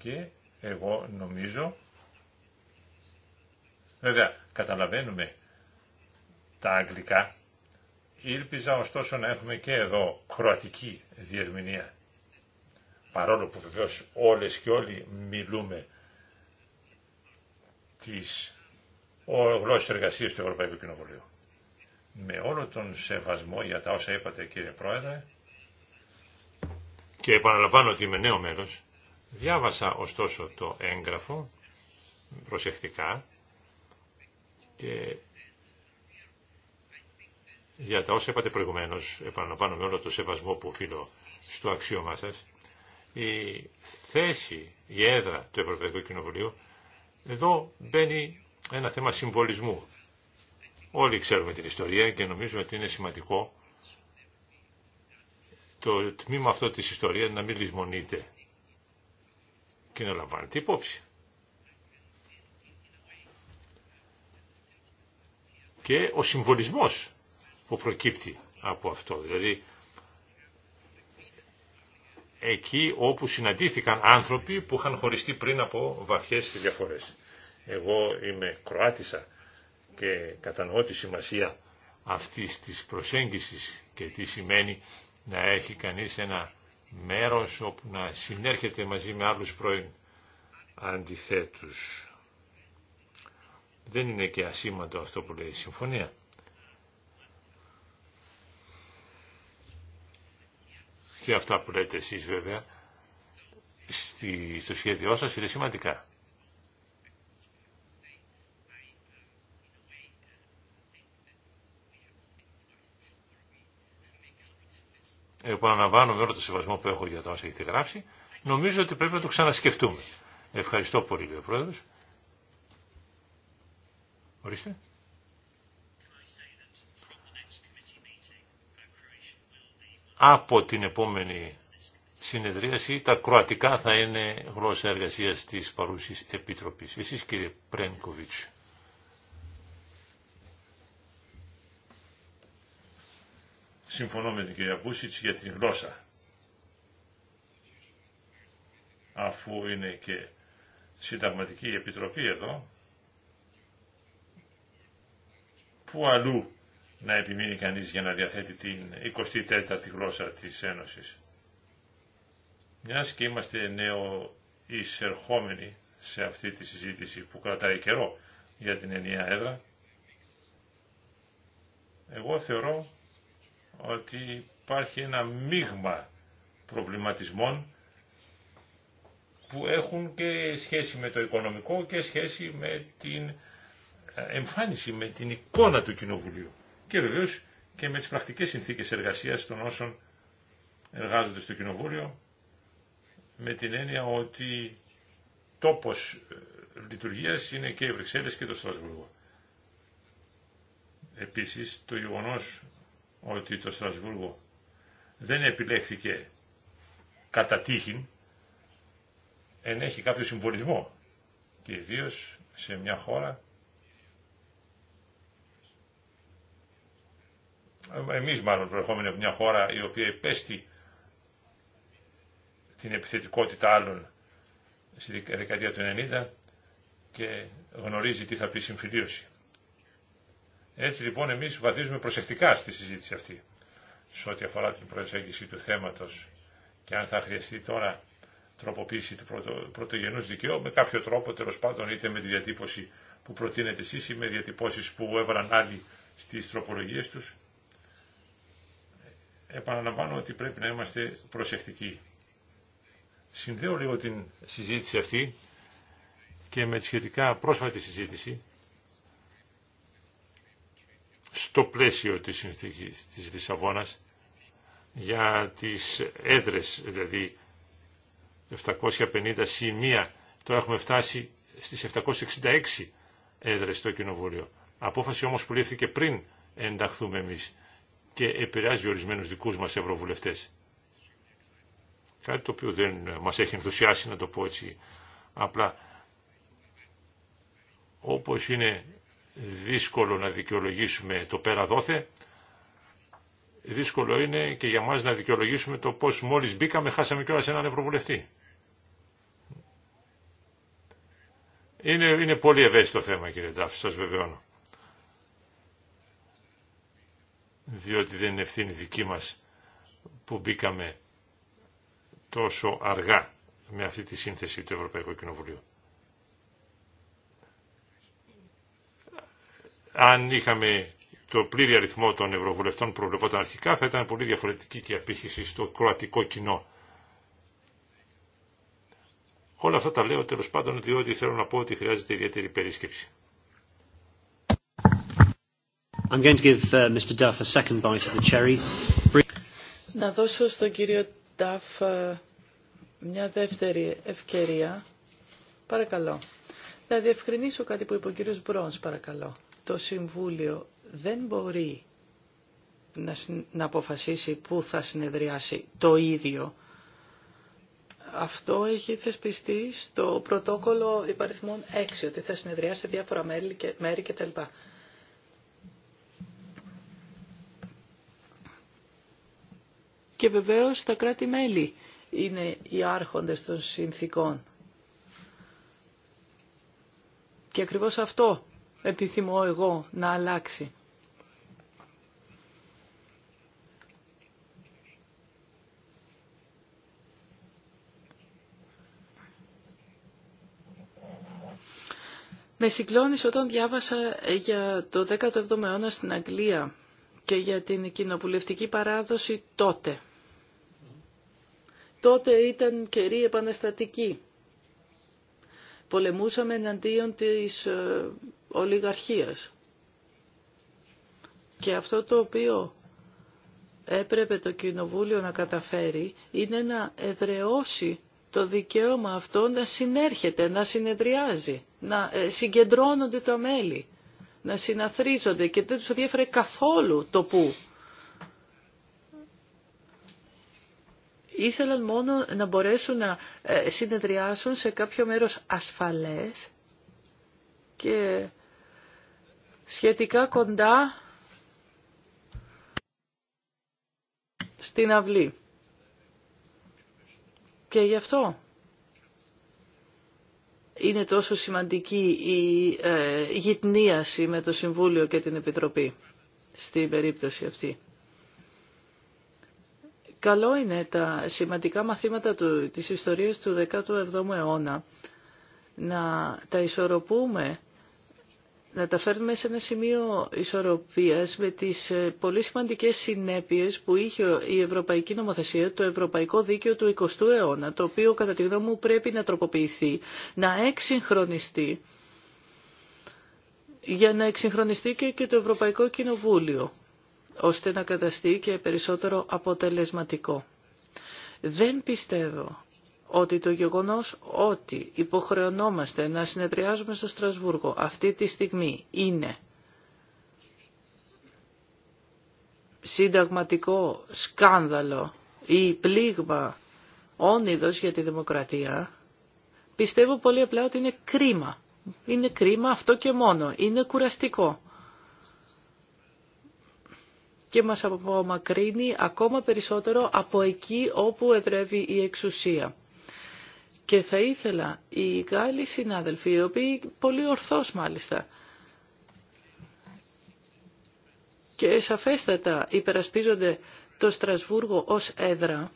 και εγώ νομίζω βέβαια καταλαβαίνουμε τα αγγλικά Ήλπιζα ωστόσο να έχουμε και εδώ κροατική διερμηνία. Παρόλο που βεβαίω όλες και όλοι μιλούμε τις γλώσσες εργασίες του Ευρωπαϊκού Κοινοβουλίου. Με όλο τον σεβασμό για τα όσα είπατε κύριε Πρόεδρε και επαναλαμβάνω ότι είμαι νέο μέλος, διάβασα ωστόσο το έγγραφο προσεκτικά και για τα όσα είπατε προηγουμένως, επαναλαμβάνω με όλο το σεβασμό που οφείλω στο αξίωμά σα, η θέση, η έδρα του Ευρωπαϊκού Κοινοβουλίου, εδώ μπαίνει ένα θέμα συμβολισμού. Όλοι ξέρουμε την ιστορία και νομίζω ότι είναι σημαντικό το τμήμα αυτό της ιστορίας να μην λησμονείται και να λαμβάνεται υπόψη. Και ο συμβολισμός προκύπτει από αυτό. Δηλαδή, εκεί όπου συναντήθηκαν άνθρωποι που είχαν χωριστεί πριν από βαθιές διαφορές. Εγώ είμαι κροατισα και κατανοώ τη σημασία αυτής της προσέγγισης και τι σημαίνει να έχει κανείς ένα μέρος όπου να συνέρχεται μαζί με άλλους πρώην αντιθέτους. Δεν είναι και ασήμαντο αυτό που λέει η συμφωνία. και αυτά που λέτε εσείς βέβαια στο σχέδιό σας είναι σημαντικά. επαναλαμβάνω με όλο το σεβασμό που έχω για το όσα έχετε γράψει, νομίζω ότι πρέπει να το ξανασκεφτούμε. Ευχαριστώ πολύ, κύριε Πρόεδρος. Ορίστε. από την επόμενη συνεδρίαση τα κροατικά θα είναι γλώσσα εργασίας της παρούσης Επιτροπής. Εσείς κύριε Πρένκοβιτς. Συμφωνώ με την κυρία για την γλώσσα. Αφού είναι και συνταγματική επιτροπή εδώ, που αλλού να επιμείνει κανείς για να διαθέτει την 24η γλώσσα της Ένωσης. Μιας και είμαστε νέο εισερχόμενοι σε αυτή τη συζήτηση που κρατάει καιρό για την ενιαία έδρα, εγώ θεωρώ ότι υπάρχει ένα μείγμα προβληματισμών που έχουν και σχέση με το οικονομικό και σχέση με την ε, εμφάνιση, με την εικόνα του Κοινοβουλίου και βεβαίως και με τις πρακτικές συνθήκες εργασίας των όσων εργάζονται στο Κοινοβούλιο με την έννοια ότι τόπος ε, λειτουργίας είναι και οι Βρυξέλλες και το Στρασβούργο. Επίσης το γεγονό ότι το Στρασβούργο δεν επιλέχθηκε κατά τύχη ενέχει κάποιο συμβολισμό και ιδίω σε μια χώρα εμείς μάλλον προερχόμενοι από μια χώρα η οποία υπέστη την επιθετικότητα άλλων στη δεκαετία του 90 και γνωρίζει τι θα πει συμφιλίωση. Έτσι λοιπόν εμείς βαθίζουμε προσεκτικά στη συζήτηση αυτή σε ό,τι αφορά την προσέγγιση του θέματος και αν θα χρειαστεί τώρα τροποποίηση του πρωτο, πρωτογενούς δικαίου με κάποιο τρόπο τέλο πάντων είτε με τη διατύπωση που προτείνετε εσείς ή με διατυπώσεις που έβαλαν άλλοι στις τροπολογίες τους επαναλαμβάνω ότι πρέπει να είμαστε προσεκτικοί. Συνδέω λίγο την συζήτηση αυτή και με τη σχετικά πρόσφατη συζήτηση στο πλαίσιο της συνθήκης της Λισαβόνας για τις έδρες, δηλαδή 750 σημεία. Τώρα έχουμε φτάσει στις 766 έδρες στο Κοινοβούλιο. Απόφαση όμως που λήφθηκε πριν ενταχθούμε εμείς και επηρεάζει ορισμένους δικούς μας ευρωβουλευτές. Κάτι το οποίο δεν μας έχει ενθουσιάσει, να το πω έτσι απλά. Όπως είναι δύσκολο να δικαιολογήσουμε το πέρα δόθε, δύσκολο είναι και για μας να δικαιολογήσουμε το πώς μόλις μπήκαμε χάσαμε κιόλας έναν ευρωβουλευτή. Είναι, είναι πολύ ευαίσθητο θέμα κύριε Τάφη, σας βεβαιώνω. διότι δεν είναι ευθύνη δική μας που μπήκαμε τόσο αργά με αυτή τη σύνθεση του Ευρωπαϊκού Κοινοβουλίου. Αν είχαμε το πλήρη αριθμό των ευρωβουλευτών που προβλεπόταν αρχικά θα ήταν πολύ διαφορετική και η στο κροατικό κοινό. Όλα αυτά τα λέω τέλος πάντων διότι θέλω να πω ότι χρειάζεται ιδιαίτερη περίσκεψη. Να δώσω στον κύριο Νταφ ε, μια δεύτερη ευκαιρία. Παρακαλώ. Να διευκρινίσω κάτι που είπε ο κύριος Μπρόνς, παρακαλώ. Το Συμβούλιο δεν μπορεί να αποφασίσει πού θα συνεδριάσει το ίδιο. Αυτό έχει θεσπιστεί στο πρωτόκολλο υπαριθμών 6, ότι θα συνεδριάσει διάφορα μέρη κτλ. και βεβαίως τα κράτη-μέλη είναι οι άρχοντες των συνθήκων. Και ακριβώς αυτό επιθυμώ εγώ να αλλάξει. Με συγκλώνησε όταν διάβασα για το 17ο αιώνα στην Αγγλία και για την κοινοβουλευτική παράδοση τότε τότε ήταν καιρή επαναστατική. Πολεμούσαμε εναντίον της ε, ολιγαρχίας. Και αυτό το οποίο έπρεπε το Κοινοβούλιο να καταφέρει είναι να εδρεώσει το δικαίωμα αυτό να συνέρχεται, να συνεδριάζει, να ε, συγκεντρώνονται τα μέλη, να συναθρίζονται και δεν τους διέφερε καθόλου το που ήθελαν μόνο να μπορέσουν να ε, συνεδριάσουν σε κάποιο μέρος ασφαλές και σχετικά κοντά στην αυλή. Και γι' αυτό είναι τόσο σημαντική η ε, γυτνίαση με το Συμβούλιο και την Επιτροπή στην περίπτωση αυτή. Καλό είναι τα σημαντικά μαθήματα του, της ιστορίας του 17ου αιώνα να τα ισορροπούμε, να τα φέρνουμε σε ένα σημείο ισορροπίας με τις ε, πολύ σημαντικές συνέπειες που είχε η Ευρωπαϊκή Νομοθεσία, το Ευρωπαϊκό Δίκαιο του 20ου αιώνα, το οποίο κατά τη γνώμη μου πρέπει να τροποποιηθεί, να εξυγχρονιστεί για να εξυγχρονιστεί και το Ευρωπαϊκό Κοινοβούλιο ώστε να καταστεί και περισσότερο αποτελεσματικό. Δεν πιστεύω ότι το γεγονός ότι υποχρεωνόμαστε να συνεδριάζουμε στο Στρασβούργο αυτή τη στιγμή είναι συνταγματικό σκάνδαλο ή πλήγμα όνειδος για τη δημοκρατία, πιστεύω πολύ απλά ότι είναι κρίμα. Είναι κρίμα αυτό και μόνο. Είναι κουραστικό και μας απομακρύνει ακόμα περισσότερο από εκεί όπου εδρεύει η εξουσία. Και θα ήθελα οι Γάλλοι συνάδελφοι, οι οποίοι πολύ ορθώς μάλιστα, και σαφέστατα υπερασπίζονται το Στρασβούργο ως έδρα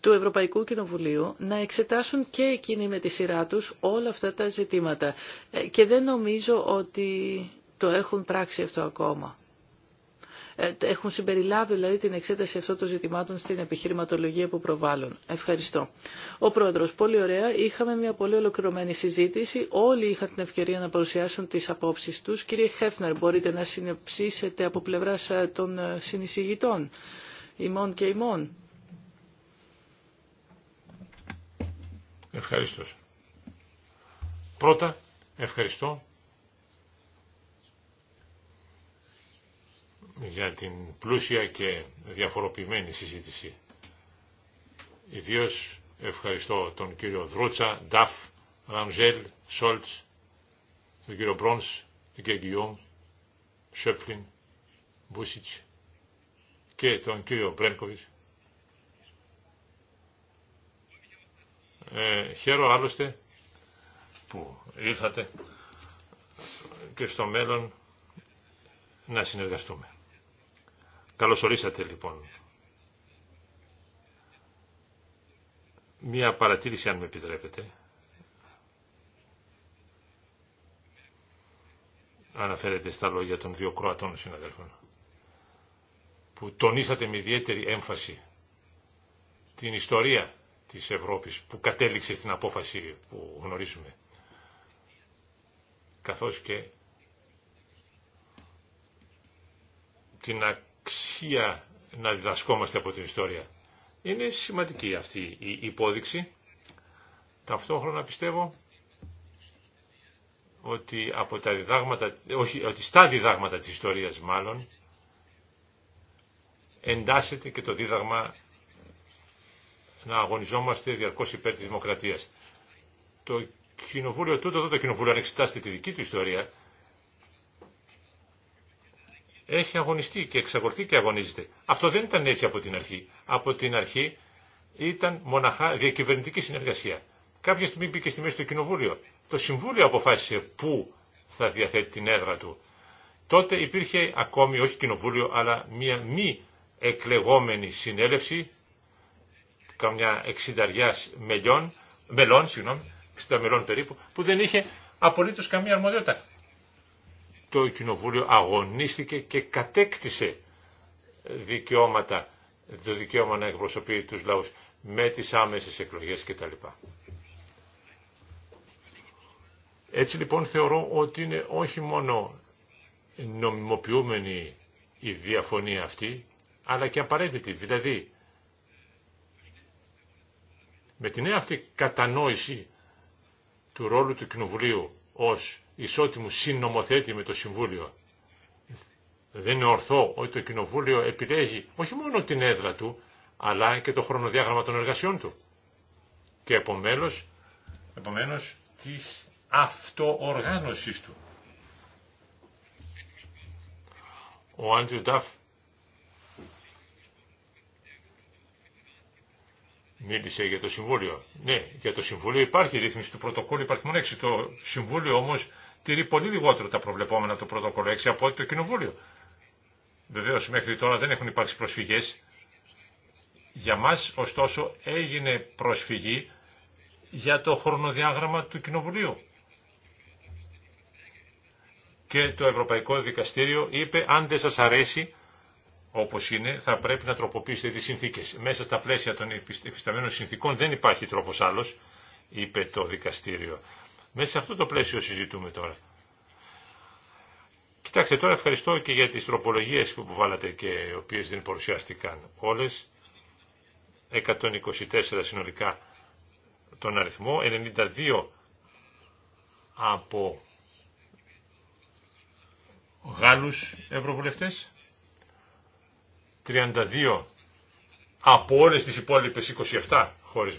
του Ευρωπαϊκού Κοινοβουλίου να εξετάσουν και εκείνοι με τη σειρά τους όλα αυτά τα ζητήματα. Ε, και δεν νομίζω ότι το έχουν πράξει αυτό ακόμα. Ε, έχουν συμπεριλάβει δηλαδή την εξέταση αυτών των ζητημάτων στην επιχειρηματολογία που προβάλλουν. Ευχαριστώ. Ο Πρόεδρος, πολύ ωραία. Είχαμε μια πολύ ολοκληρωμένη συζήτηση. Όλοι είχαν την ευκαιρία να παρουσιάσουν τις απόψεις τους. Κύριε Χέφνερ, μπορείτε να συνεψίσετε από πλευράς ε, των ε, συνεισηγητών, ημών και ημών. Ευχαριστώ. Πρώτα, ευχαριστώ για την πλούσια και διαφοροποιημένη συζήτηση. Ιδίως ευχαριστώ τον κύριο Δρούτσα, Νταφ, Ραμζέλ, Σόλτς, τον κύριο Μπρόνς, τον κύριο Γκιόμ, Σέφλιν, Μπούσιτς και τον κύριο Μπρένκοβιτς. Ε, χαίρο άλλωστε που ήρθατε και στο μέλλον να συνεργαστούμε. Καλώς λοιπόν. Μία παρατήρηση αν με επιτρέπετε. Αναφέρεται στα λόγια των δύο Κροατών συναδέλφων που τονίσατε με ιδιαίτερη έμφαση την ιστορία της Ευρώπης που κατέληξε στην απόφαση που γνωρίζουμε καθώς και την αξία να διδασκόμαστε από την ιστορία. Είναι σημαντική αυτή η υπόδειξη. Ταυτόχρονα πιστεύω ότι, από τα διδάγματα, όχι, ότι στα διδάγματα της ιστορίας μάλλον εντάσσεται και το δίδαγμα να αγωνιζόμαστε διαρκώς υπέρ της δημοκρατίας. Το κοινοβούλιο τούτο, εδώ το κοινοβούλιο αν τη δική του ιστορία, έχει αγωνιστεί και εξακολουθεί και αγωνίζεται. Αυτό δεν ήταν έτσι από την αρχή. Από την αρχή ήταν μοναχά διακυβερνητική συνεργασία. Κάποια στιγμή μπήκε στη μέση το Κοινοβούλιο. Το Συμβούλιο αποφάσισε πού θα διαθέτει την έδρα του. Τότε υπήρχε ακόμη, όχι Κοινοβούλιο, αλλά μια μη εκλεγόμενη συνέλευση, καμιά εξινταριά μελών, συγγνώμη, περίπου, που δεν είχε απολύτω καμία αρμοδιότητα το Κοινοβούλιο αγωνίστηκε και κατέκτησε δικαιώματα, το δικαίωμα να εκπροσωπεί τους λαούς με τις άμεσες εκλογές κτλ. Έτσι λοιπόν θεωρώ ότι είναι όχι μόνο νομιμοποιούμενη η διαφωνία αυτή, αλλά και απαραίτητη. Δηλαδή, με την νέα αυτή κατανόηση του ρόλου του Κοινοβουλίου ως ισότιμου συνομοθέτη με το Συμβούλιο. Δεν είναι ορθό ότι το Κοινοβούλιο επιλέγει όχι μόνο την έδρα του, αλλά και το χρονοδιάγραμμα των εργασιών του. Και επομένως, επομένως της αυτοοργάνωσης του. Ο Άντριου Νταφ μίλησε για το Συμβούλιο. Ναι, για το Συμβούλιο υπάρχει ρύθμιση του πρωτοκόλλου υπαρθμών 6. Το Συμβούλιο όμως τηρεί πολύ λιγότερο τα προβλεπόμενα του το πρωτόκολλο 6 από ό,τι το κοινοβούλιο. Βεβαίω μέχρι τώρα δεν έχουν υπάρξει προσφυγέ. Για μα, ωστόσο, έγινε προσφυγή για το χρονοδιάγραμμα του κοινοβουλίου. Και το Ευρωπαϊκό Δικαστήριο είπε αν δεν σας αρέσει όπως είναι, θα πρέπει να τροποποιήσετε τις συνθήκες. Μέσα στα πλαίσια των υφισταμένων συνθήκων δεν υπάρχει τρόπος άλλος, είπε το δικαστήριο. Μέσα σε αυτό το πλαίσιο συζητούμε τώρα. Κοιτάξτε, τώρα ευχαριστώ και για τις τροπολογίες που βάλατε και οι οποίες δεν παρουσιάστηκαν όλες. 124 συνολικά τον αριθμό, 92 από Γάλλους Ευρωβουλευτές, 32 από όλες τις υπόλοιπες 27 χώρες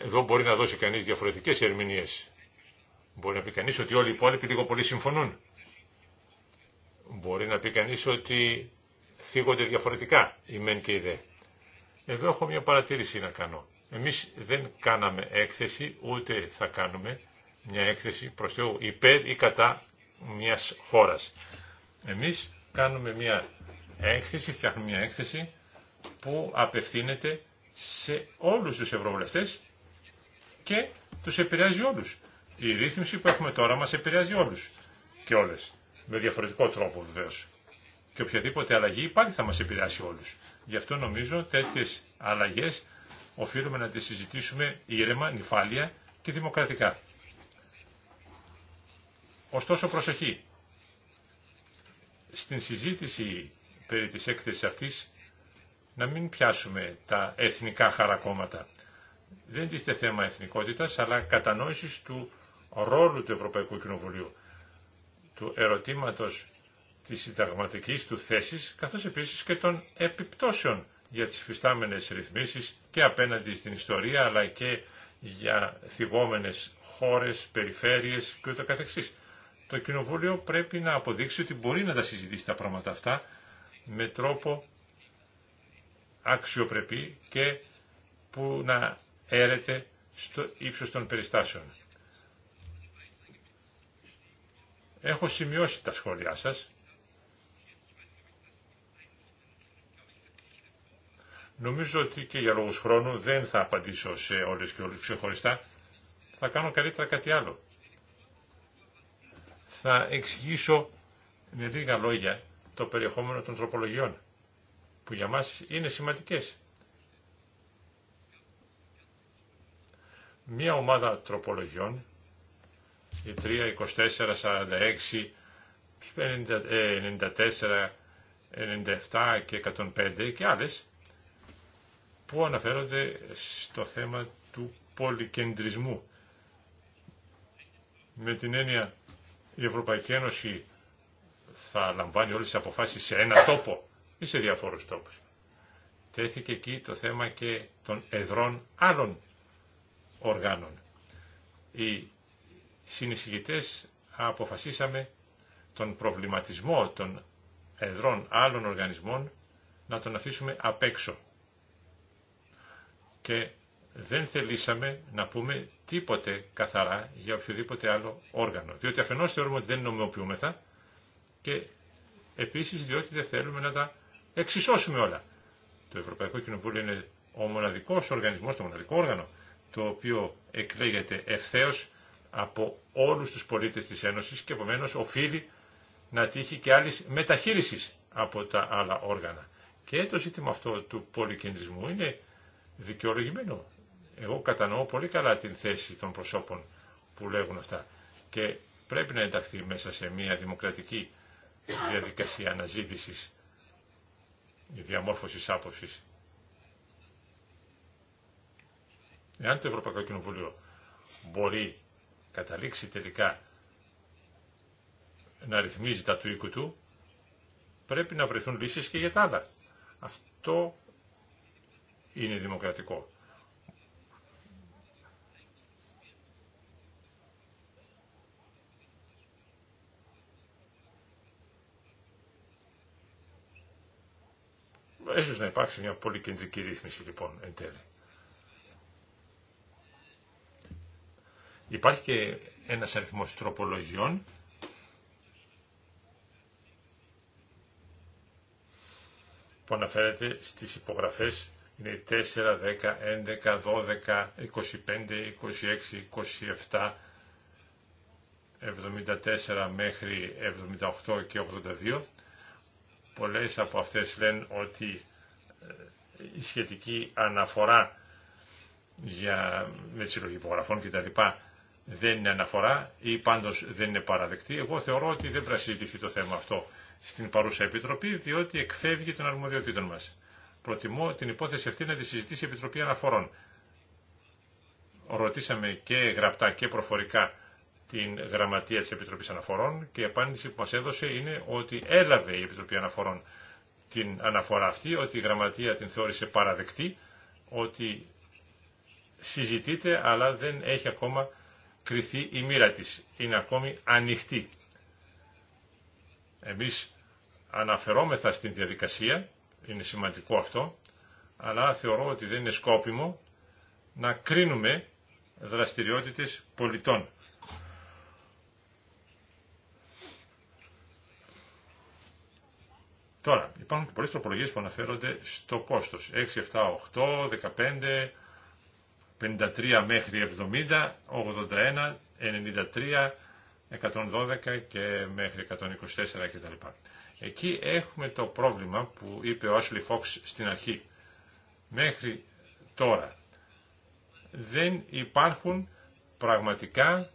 εδώ μπορεί να δώσει κανείς διαφορετικές ερμηνείες. Μπορεί να πει κανείς ότι όλοι οι υπόλοιποι λίγο πολύ συμφωνούν. Μπορεί να πει κανείς ότι θίγονται διαφορετικά οι μεν και οι δε. Εδώ έχω μια παρατήρηση να κάνω. Εμείς δεν κάναμε έκθεση, ούτε θα κάνουμε μια έκθεση προς Θεού υπέρ ή κατά μιας χώρας. Εμείς κάνουμε μια έκθεση, φτιάχνουμε μια έκθεση που απευθύνεται σε όλους τους ευρωβουλευτές και τους επηρεάζει όλους. Η ρύθμιση που έχουμε τώρα μας επηρεάζει όλους και όλες. Με διαφορετικό τρόπο βεβαίω. Και οποιαδήποτε αλλαγή πάλι θα μας επηρεάσει όλους. Γι' αυτό νομίζω τέτοιες αλλαγές οφείλουμε να τις συζητήσουμε ήρεμα, νυφάλια και δημοκρατικά. Ωστόσο προσοχή. Στην συζήτηση περί της έκθεσης αυτής να μην πιάσουμε τα εθνικά χαρακόμματα δεν τίθεται θέμα εθνικότητας, αλλά κατανόησης του ρόλου του Ευρωπαϊκού Κοινοβουλίου, του ερωτήματος της συνταγματικής του θέσης, καθώς επίσης και των επιπτώσεων για τις φυστάμενες ρυθμίσεις και απέναντι στην ιστορία, αλλά και για θυγόμενες χώρες, περιφέρειες και Το Κοινοβούλιο πρέπει να αποδείξει ότι μπορεί να τα συζητήσει τα πράγματα αυτά με τρόπο αξιοπρεπή και που να Έρετε στο ύψος των περιστάσεων. Έχω σημειώσει τα σχόλιά σας. Νομίζω ότι και για λόγους χρόνου δεν θα απαντήσω σε όλες και όλους ξεχωριστά. Θα κάνω καλύτερα κάτι άλλο. Θα εξηγήσω με λίγα λόγια το περιεχόμενο των τροπολογιών, που για μας είναι σημαντικές. μία ομάδα τροπολογιών, η 3, 24, 46, 94, 97 και 105 και άλλες, που αναφέρονται στο θέμα του πολυκεντρισμού. Με την έννοια η Ευρωπαϊκή Ένωση θα λαμβάνει όλες τις αποφάσεις σε ένα τόπο ή σε διαφόρους τόπους. Τέθηκε εκεί το θέμα και των εδρών άλλων οργάνων. Οι συνεισηγητές αποφασίσαμε τον προβληματισμό των εδρών άλλων οργανισμών να τον αφήσουμε απ' έξω. Και δεν θελήσαμε να πούμε τίποτε καθαρά για οποιοδήποτε άλλο όργανο. Διότι αφενός θεωρούμε ότι δεν νομιμοποιούμεθα και επίσης διότι δεν θέλουμε να τα εξισώσουμε όλα. Το Ευρωπαϊκό Κοινοβούλιο είναι ο μοναδικός οργανισμός, το μοναδικό όργανο το οποίο εκλέγεται ευθέως από όλους τους πολίτες της Ένωσης και επομένω οφείλει να τύχει και άλλη μεταχείριση από τα άλλα όργανα. Και το ζήτημα αυτό του πολυκεντρισμού είναι δικαιολογημένο. Εγώ κατανοώ πολύ καλά την θέση των προσώπων που λέγουν αυτά και πρέπει να ενταχθεί μέσα σε μια δημοκρατική διαδικασία αναζήτησης διαμόρφωσης άποψης. Εάν το Ευρωπαϊκό Κοινοβούλιο μπορεί καταλήξει τελικά να ρυθμίζει τα του οίκου του, πρέπει να βρεθούν λύσεις και για τα άλλα. Αυτό είναι δημοκρατικό. Έσως να υπάρξει μια πολύ κεντρική ρύθμιση λοιπόν εν τέλει. Υπάρχει και ένας αριθμός τροπολογιών που αναφέρεται στις υπογραφές είναι 4, 10, 11, 12, 25, 26, 27, 74 μέχρι 78 και 82. Πολλές από αυτές λένε ότι ε, η σχετική αναφορά για, με τη συλλογή υπογραφών κτλ δεν είναι αναφορά ή πάντως δεν είναι παραδεκτή. Εγώ θεωρώ ότι δεν πρέπει να συζητηθεί το θέμα αυτό στην παρούσα Επιτροπή, διότι εκφεύγει των αρμοδιοτήτων μας. Προτιμώ την υπόθεση αυτή να τη συζητήσει η Επιτροπή Αναφορών. Ρωτήσαμε και γραπτά και προφορικά την γραμματεία της Επιτροπής Αναφορών και η απάντηση που μας έδωσε είναι ότι έλαβε η Επιτροπή Αναφορών την αναφορά αυτή, ότι η γραμματεία την θεώρησε παραδεκτή, ότι συζητείται αλλά δεν έχει ακόμα κρυθεί η μοίρα της. Είναι ακόμη ανοιχτή. Εμείς αναφερόμεθα στην διαδικασία, είναι σημαντικό αυτό, αλλά θεωρώ ότι δεν είναι σκόπιμο να κρίνουμε δραστηριότητες πολιτών. Τώρα, υπάρχουν και πολλές τροπολογίες που αναφέρονται στο κόστος. 6, 7, 8, 15, 53 μέχρι 70, 81, 93, 112 και μέχρι 124 κτλ. Εκεί έχουμε το πρόβλημα που είπε ο Άσλι Φόξ στην αρχή. Μέχρι τώρα δεν υπάρχουν πραγματικά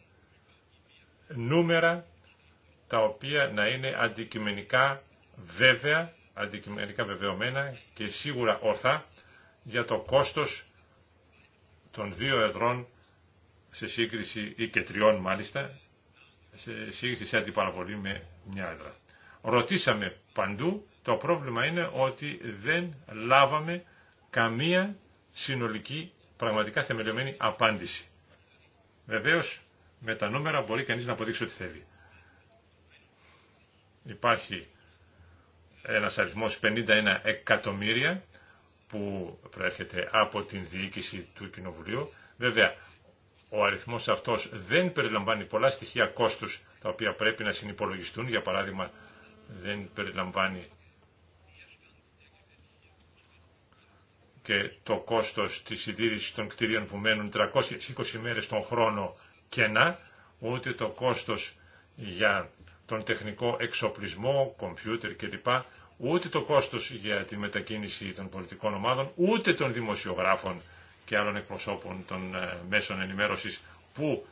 νούμερα τα οποία να είναι αντικειμενικά βέβαια, αντικειμενικά βεβαιωμένα και σίγουρα ορθά για το κόστος των δύο εδρών σε σύγκριση ή και τριών μάλιστα σε σύγκριση σε αντιπαραβολή με μια έδρα. Ρωτήσαμε παντού, το πρόβλημα είναι ότι δεν λάβαμε καμία συνολική πραγματικά θεμελιωμένη απάντηση. Βεβαίως με τα νούμερα μπορεί κανείς να αποδείξει ό,τι θέλει. Υπάρχει ένας αριθμός 51 εκατομμύρια που προέρχεται από την διοίκηση του Κοινοβουλίου. Βέβαια, ο αριθμός αυτός δεν περιλαμβάνει πολλά στοιχεία κόστους τα οποία πρέπει να συνυπολογιστούν. Για παράδειγμα, δεν περιλαμβάνει και το κόστος της συντήρησης των κτίριων... που μένουν 320 μέρες τον χρόνο κενά, ούτε το κόστος για τον τεχνικό εξοπλισμό, κομπιούτερ κλπ ούτε το κόστος για τη μετακίνηση των πολιτικών ομάδων, ούτε των δημοσιογράφων και άλλων εκπροσώπων των ε, μέσων ενημέρωσης που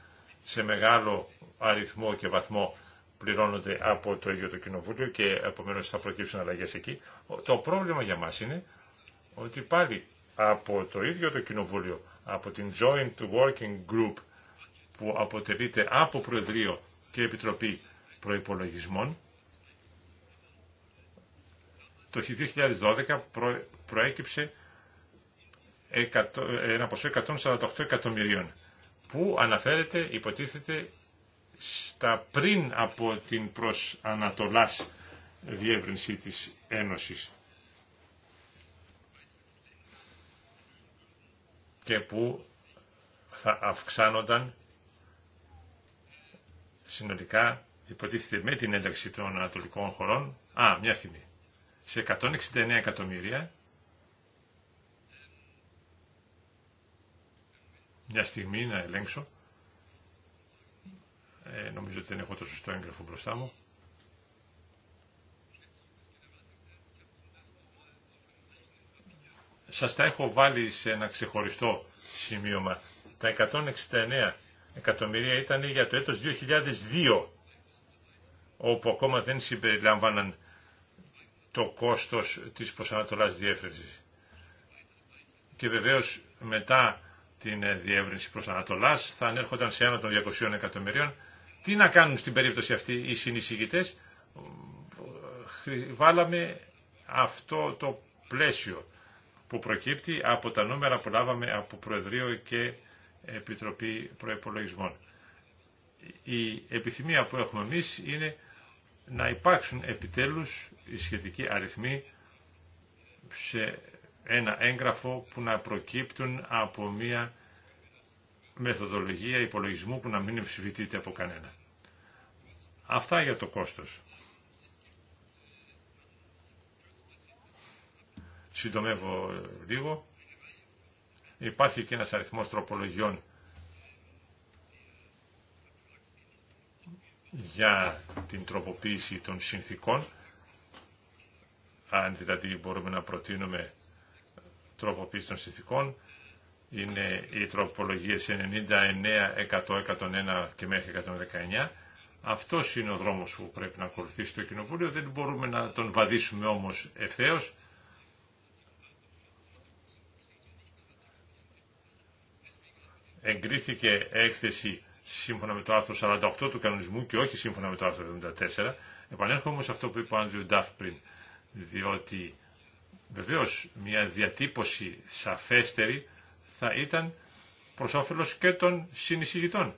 σε μεγάλο αριθμό και βαθμό πληρώνονται από το ίδιο το Κοινοβούλιο και επομένως θα προκύψουν αλλαγές εκεί. Το πρόβλημα για μας είναι ότι πάλι από το ίδιο το Κοινοβούλιο, από την Joint Working Group που αποτελείται από Προεδρείο και Επιτροπή Προϋπολογισμών, το 2012 προέκυψε ένα ποσό 148 εκατομμυρίων που αναφέρεται υποτίθεται στα πριν από την προς Ανατολάς διεύρυνση της Ένωσης και που θα αυξάνονταν συνολικά υποτίθεται με την ένταξη των ανατολικών χωρών. Α, μια στιγμή σε 169 εκατομμύρια μια στιγμή να ελέγξω ε, νομίζω ότι δεν έχω το σωστό έγγραφο μπροστά μου σας τα έχω βάλει σε ένα ξεχωριστό σημείωμα τα 169 εκατομμύρια ήταν για το έτος 2002 όπου ακόμα δεν συμπεριλάμβαναν το κόστος της προσανατολάς διεύθυνσης. Και βεβαίως μετά την ε, διεύρυνση προσανατολάς... θα ανέρχονταν σε ένα των 200 εκατομμυρίων. Τι να κάνουν στην περίπτωση αυτή οι συνεισηγητές. Βάλαμε αυτό το πλαίσιο που προκύπτει από τα νούμερα που λάβαμε από Προεδρείο και Επιτροπή Προεπολογισμών. Η επιθυμία που έχουμε εμείς είναι να υπάρξουν επιτέλους οι σχετικοί αριθμοί σε ένα έγγραφο που να προκύπτουν από μια μεθοδολογία υπολογισμού που να μην εμφισβητείται από κανένα. Αυτά για το κόστος. Συντομεύω λίγο. Υπάρχει και ένας αριθμός τροπολογιών για την τροποποίηση των συνθήκων, αν δηλαδή μπορούμε να προτείνουμε τροποποίηση των συνθήκων, είναι οι τροπολογίες 99, 100, 101 και μέχρι 119. Αυτός είναι ο δρόμος που πρέπει να ακολουθήσει το Κοινοβούλιο. Δεν μπορούμε να τον βαδίσουμε όμως ευθέως. Εγκρίθηκε έκθεση σύμφωνα με το άρθρο 48 του κανονισμού και όχι σύμφωνα με το άρθρο 74. Επανέρχομαι σε αυτό που είπε ο Άνδριο Ντάφ πριν, διότι βεβαίως μια διατύπωση σαφέστερη θα ήταν προς όφελος και των συνεισηγητών.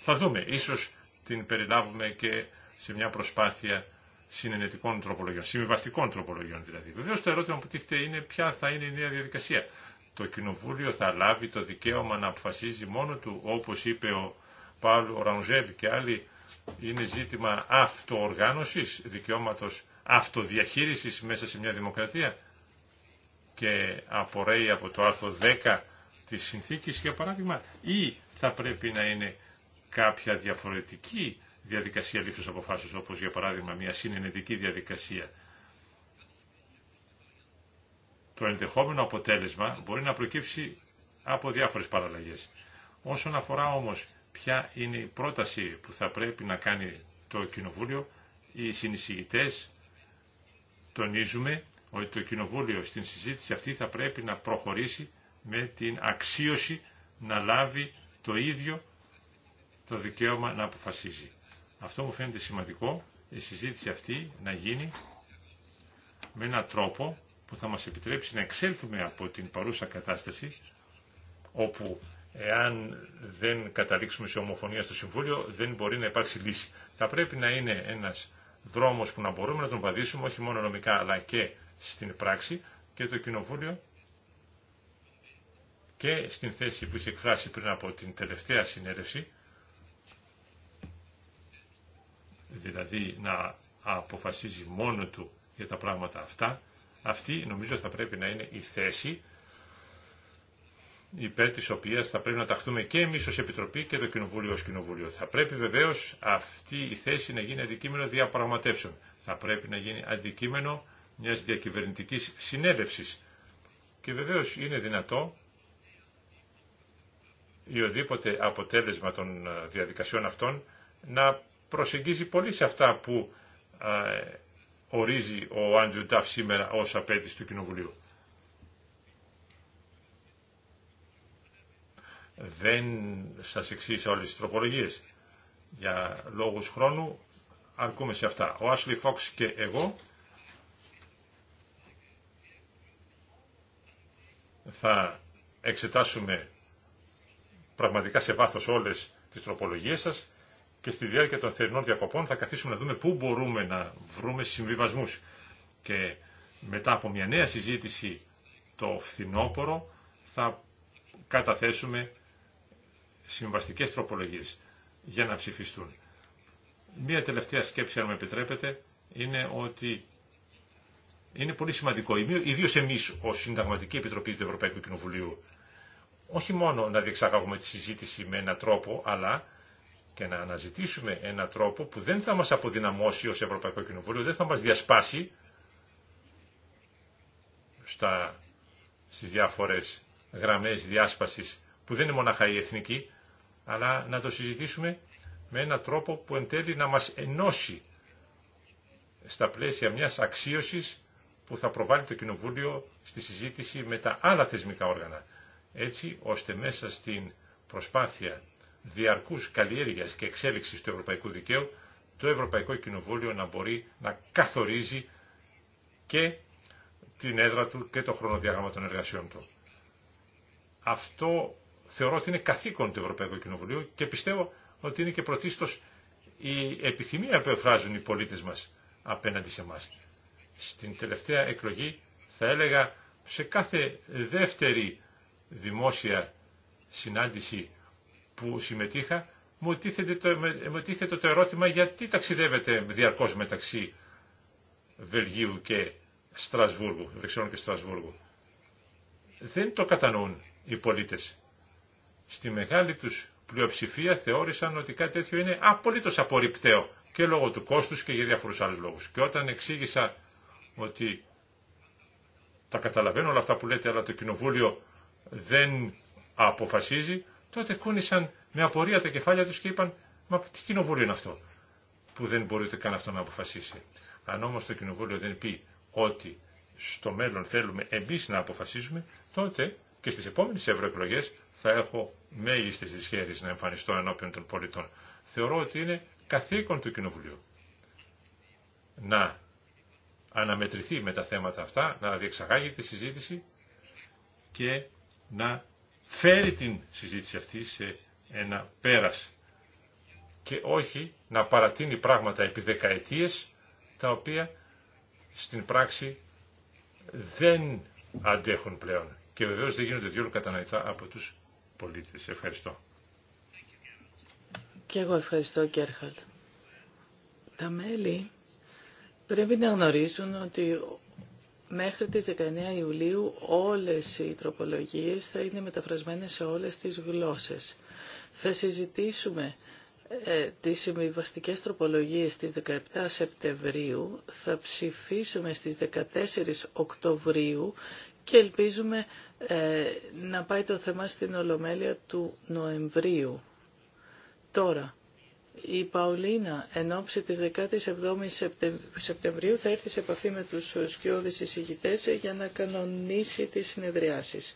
Θα δούμε, ίσως την περιλάβουμε και σε μια προσπάθεια συνενετικών τροπολογιών, συμβιβαστικών τροπολογιών δηλαδή. Βεβαίω το ερώτημα που τίθεται είναι ποια θα είναι η νέα διαδικασία. Το Κοινοβούλιο θα λάβει το δικαίωμα να αποφασίζει μόνο του, όπω είπε ο Παύλο Ραουζελ και άλλοι, είναι ζήτημα αυτοοργάνωση, δικαιώματο αυτοδιαχείρισης μέσα σε μια δημοκρατία και απορρέει από το άρθρο 10 της συνθήκης για παράδειγμα ή θα πρέπει να είναι κάποια διαφορετική διαδικασία λήψης αποφάσεως, όπως για παράδειγμα μια συνενετική διαδικασία. Το ενδεχόμενο αποτέλεσμα μπορεί να προκύψει από διάφορες παραλλαγέ. Όσον αφορά όμως ποια είναι η πρόταση που θα πρέπει να κάνει το Κοινοβούλιο, οι συνεισηγητέ τονίζουμε ότι το Κοινοβούλιο στην συζήτηση αυτή θα πρέπει να προχωρήσει με την αξίωση να λάβει το ίδιο το δικαίωμα να αποφασίζει. Αυτό μου φαίνεται σημαντικό η συζήτηση αυτή να γίνει με έναν τρόπο που θα μας επιτρέψει να εξέλθουμε από την παρούσα κατάσταση όπου εάν δεν καταλήξουμε σε ομοφωνία στο Συμβούλιο δεν μπορεί να υπάρξει λύση. Θα πρέπει να είναι ένας δρόμος που να μπορούμε να τον πατήσουμε όχι μόνο νομικά αλλά και στην πράξη και το Κοινοβούλιο και στην θέση που είχε εκφράσει πριν από την τελευταία συνέρευση δηλαδή να αποφασίζει μόνο του για τα πράγματα αυτά, αυτή νομίζω θα πρέπει να είναι η θέση υπέρ της οποίας θα πρέπει να ταχθούμε και εμείς ως Επιτροπή και το Κοινοβούλιο ως Κοινοβούλιο. Θα πρέπει βεβαίως αυτή η θέση να γίνει αντικείμενο διαπραγματεύσεων. Θα πρέπει να γίνει αντικείμενο μιας διακυβερνητικής συνέλευσης. Και βεβαίως είναι δυνατό ή οδήποτε αποτέλεσμα των διαδικασιών αυτών να προσεγγίζει πολύ σε αυτά που ορίζει ο Άντζιου Νταφ σήμερα ως απέτηση του Κοινοβουλίου. Δεν σας εξήγησα όλες τις τροπολογίες. Για λόγους χρόνου αρκούμε σε αυτά. Ο Άσλι Φόξ και εγώ θα εξετάσουμε πραγματικά σε βάθος όλες τις τροπολογίες σας και στη διάρκεια των θερινών διακοπών θα καθίσουμε να δούμε πού μπορούμε να βρούμε συμβιβασμούς. Και μετά από μια νέα συζήτηση το φθινόπωρο θα καταθέσουμε συμβαστικές τροπολογίες για να ψηφιστούν. Μία τελευταία σκέψη, αν με επιτρέπετε, είναι ότι είναι πολύ σημαντικό, ιδίως εμείς ως Συνταγματική Επιτροπή του Ευρωπαϊκού Κοινοβουλίου, όχι μόνο να διεξάγουμε τη συζήτηση με έναν τρόπο, αλλά και να αναζητήσουμε έναν τρόπο που δεν θα μας αποδυναμώσει ως Ευρωπαϊκό Κοινοβούλιο, δεν θα μας διασπάσει στα, στις διάφορες γραμμές διάσπασης που δεν είναι μοναχα η εθνική, αλλά να το συζητήσουμε με έναν τρόπο που εν τέλει να μας ενώσει στα πλαίσια μιας αξίωσης που θα προβάλλει το Κοινοβούλιο στη συζήτηση με τα άλλα θεσμικά όργανα. Έτσι ώστε μέσα στην προσπάθεια διαρκούς καλλιέργειας και εξέλιξης του ευρωπαϊκού δικαίου, το Ευρωπαϊκό Κοινοβούλιο να μπορεί να καθορίζει και την έδρα του και το χρονοδιάγραμμα των εργασιών του. Αυτό θεωρώ ότι είναι καθήκον του Ευρωπαϊκού Κοινοβουλίου και πιστεύω ότι είναι και πρωτίστως η επιθυμία που εφράζουν οι πολίτες μας απέναντι σε εμά. Στην τελευταία εκλογή θα έλεγα σε κάθε δεύτερη δημόσια συνάντηση που συμμετείχα, μου τίθεται το, ερώτημα γιατί ταξιδεύετε διαρκώς μεταξύ Βελγίου και Στρασβούργου, Βρυξελών και Στρασβούργου. Δεν το κατανοούν οι πολίτες. Στη μεγάλη τους πλειοψηφία θεώρησαν ότι κάτι τέτοιο είναι απολύτως απορριπταίο και λόγω του κόστους και για διάφορους άλλους λόγους. Και όταν εξήγησα ότι τα καταλαβαίνω όλα αυτά που λέτε αλλά το Κοινοβούλιο δεν αποφασίζει, τότε κούνησαν με απορία τα κεφάλια τους και είπαν «Μα τι κοινοβούλιο είναι αυτό» που δεν μπορεί καν αυτό να αποφασίσει. Αν όμως το κοινοβούλιο δεν πει ότι στο μέλλον θέλουμε εμείς να αποφασίζουμε, τότε και στις επόμενες ευρωεκλογέ θα έχω μέγιστες δυσχέρειες να εμφανιστώ ενώπιον των πολιτών. Θεωρώ ότι είναι καθήκον του Κοινοβουλίου να αναμετρηθεί με τα θέματα αυτά, να διεξαγάγει τη συζήτηση και να φέρει την συζήτηση αυτή σε ένα πέρας και όχι να παρατείνει πράγματα επί δεκαετίες τα οποία στην πράξη δεν αντέχουν πλέον και βεβαίως δεν γίνονται διόλου κατανοητά από τους πολίτες. Ευχαριστώ. Και εγώ ευχαριστώ Κέρχαλτ. Τα μέλη πρέπει να γνωρίσουν ότι Μέχρι τις 19 Ιουλίου όλες οι τροπολογίες θα είναι μεταφρασμένες σε όλες τις γλώσσες. Θα συζητήσουμε ε, τις συμβιβαστικέ τροπολογίες στις 17 Σεπτεμβρίου, θα ψηφίσουμε στις 14 Οκτωβρίου και ελπίζουμε ε, να πάει το θέμα στην Ολομέλεια του Νοεμβρίου. Τώρα, η Παολίνα εν ώψη της 17ης Σεπτεμβρίου θα έρθει σε επαφή με τους σκιώδεις εισηγητές για να κανονίσει τις συνεδριάσεις.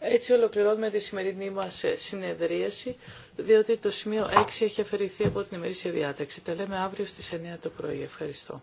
Έτσι ολοκληρώνουμε τη σημερινή μας συνεδρίαση, διότι το σημείο 6 έχει αφαιρεθεί από την ημερήσια διάταξη. Τα λέμε αύριο στις 9 το πρωί. Ευχαριστώ.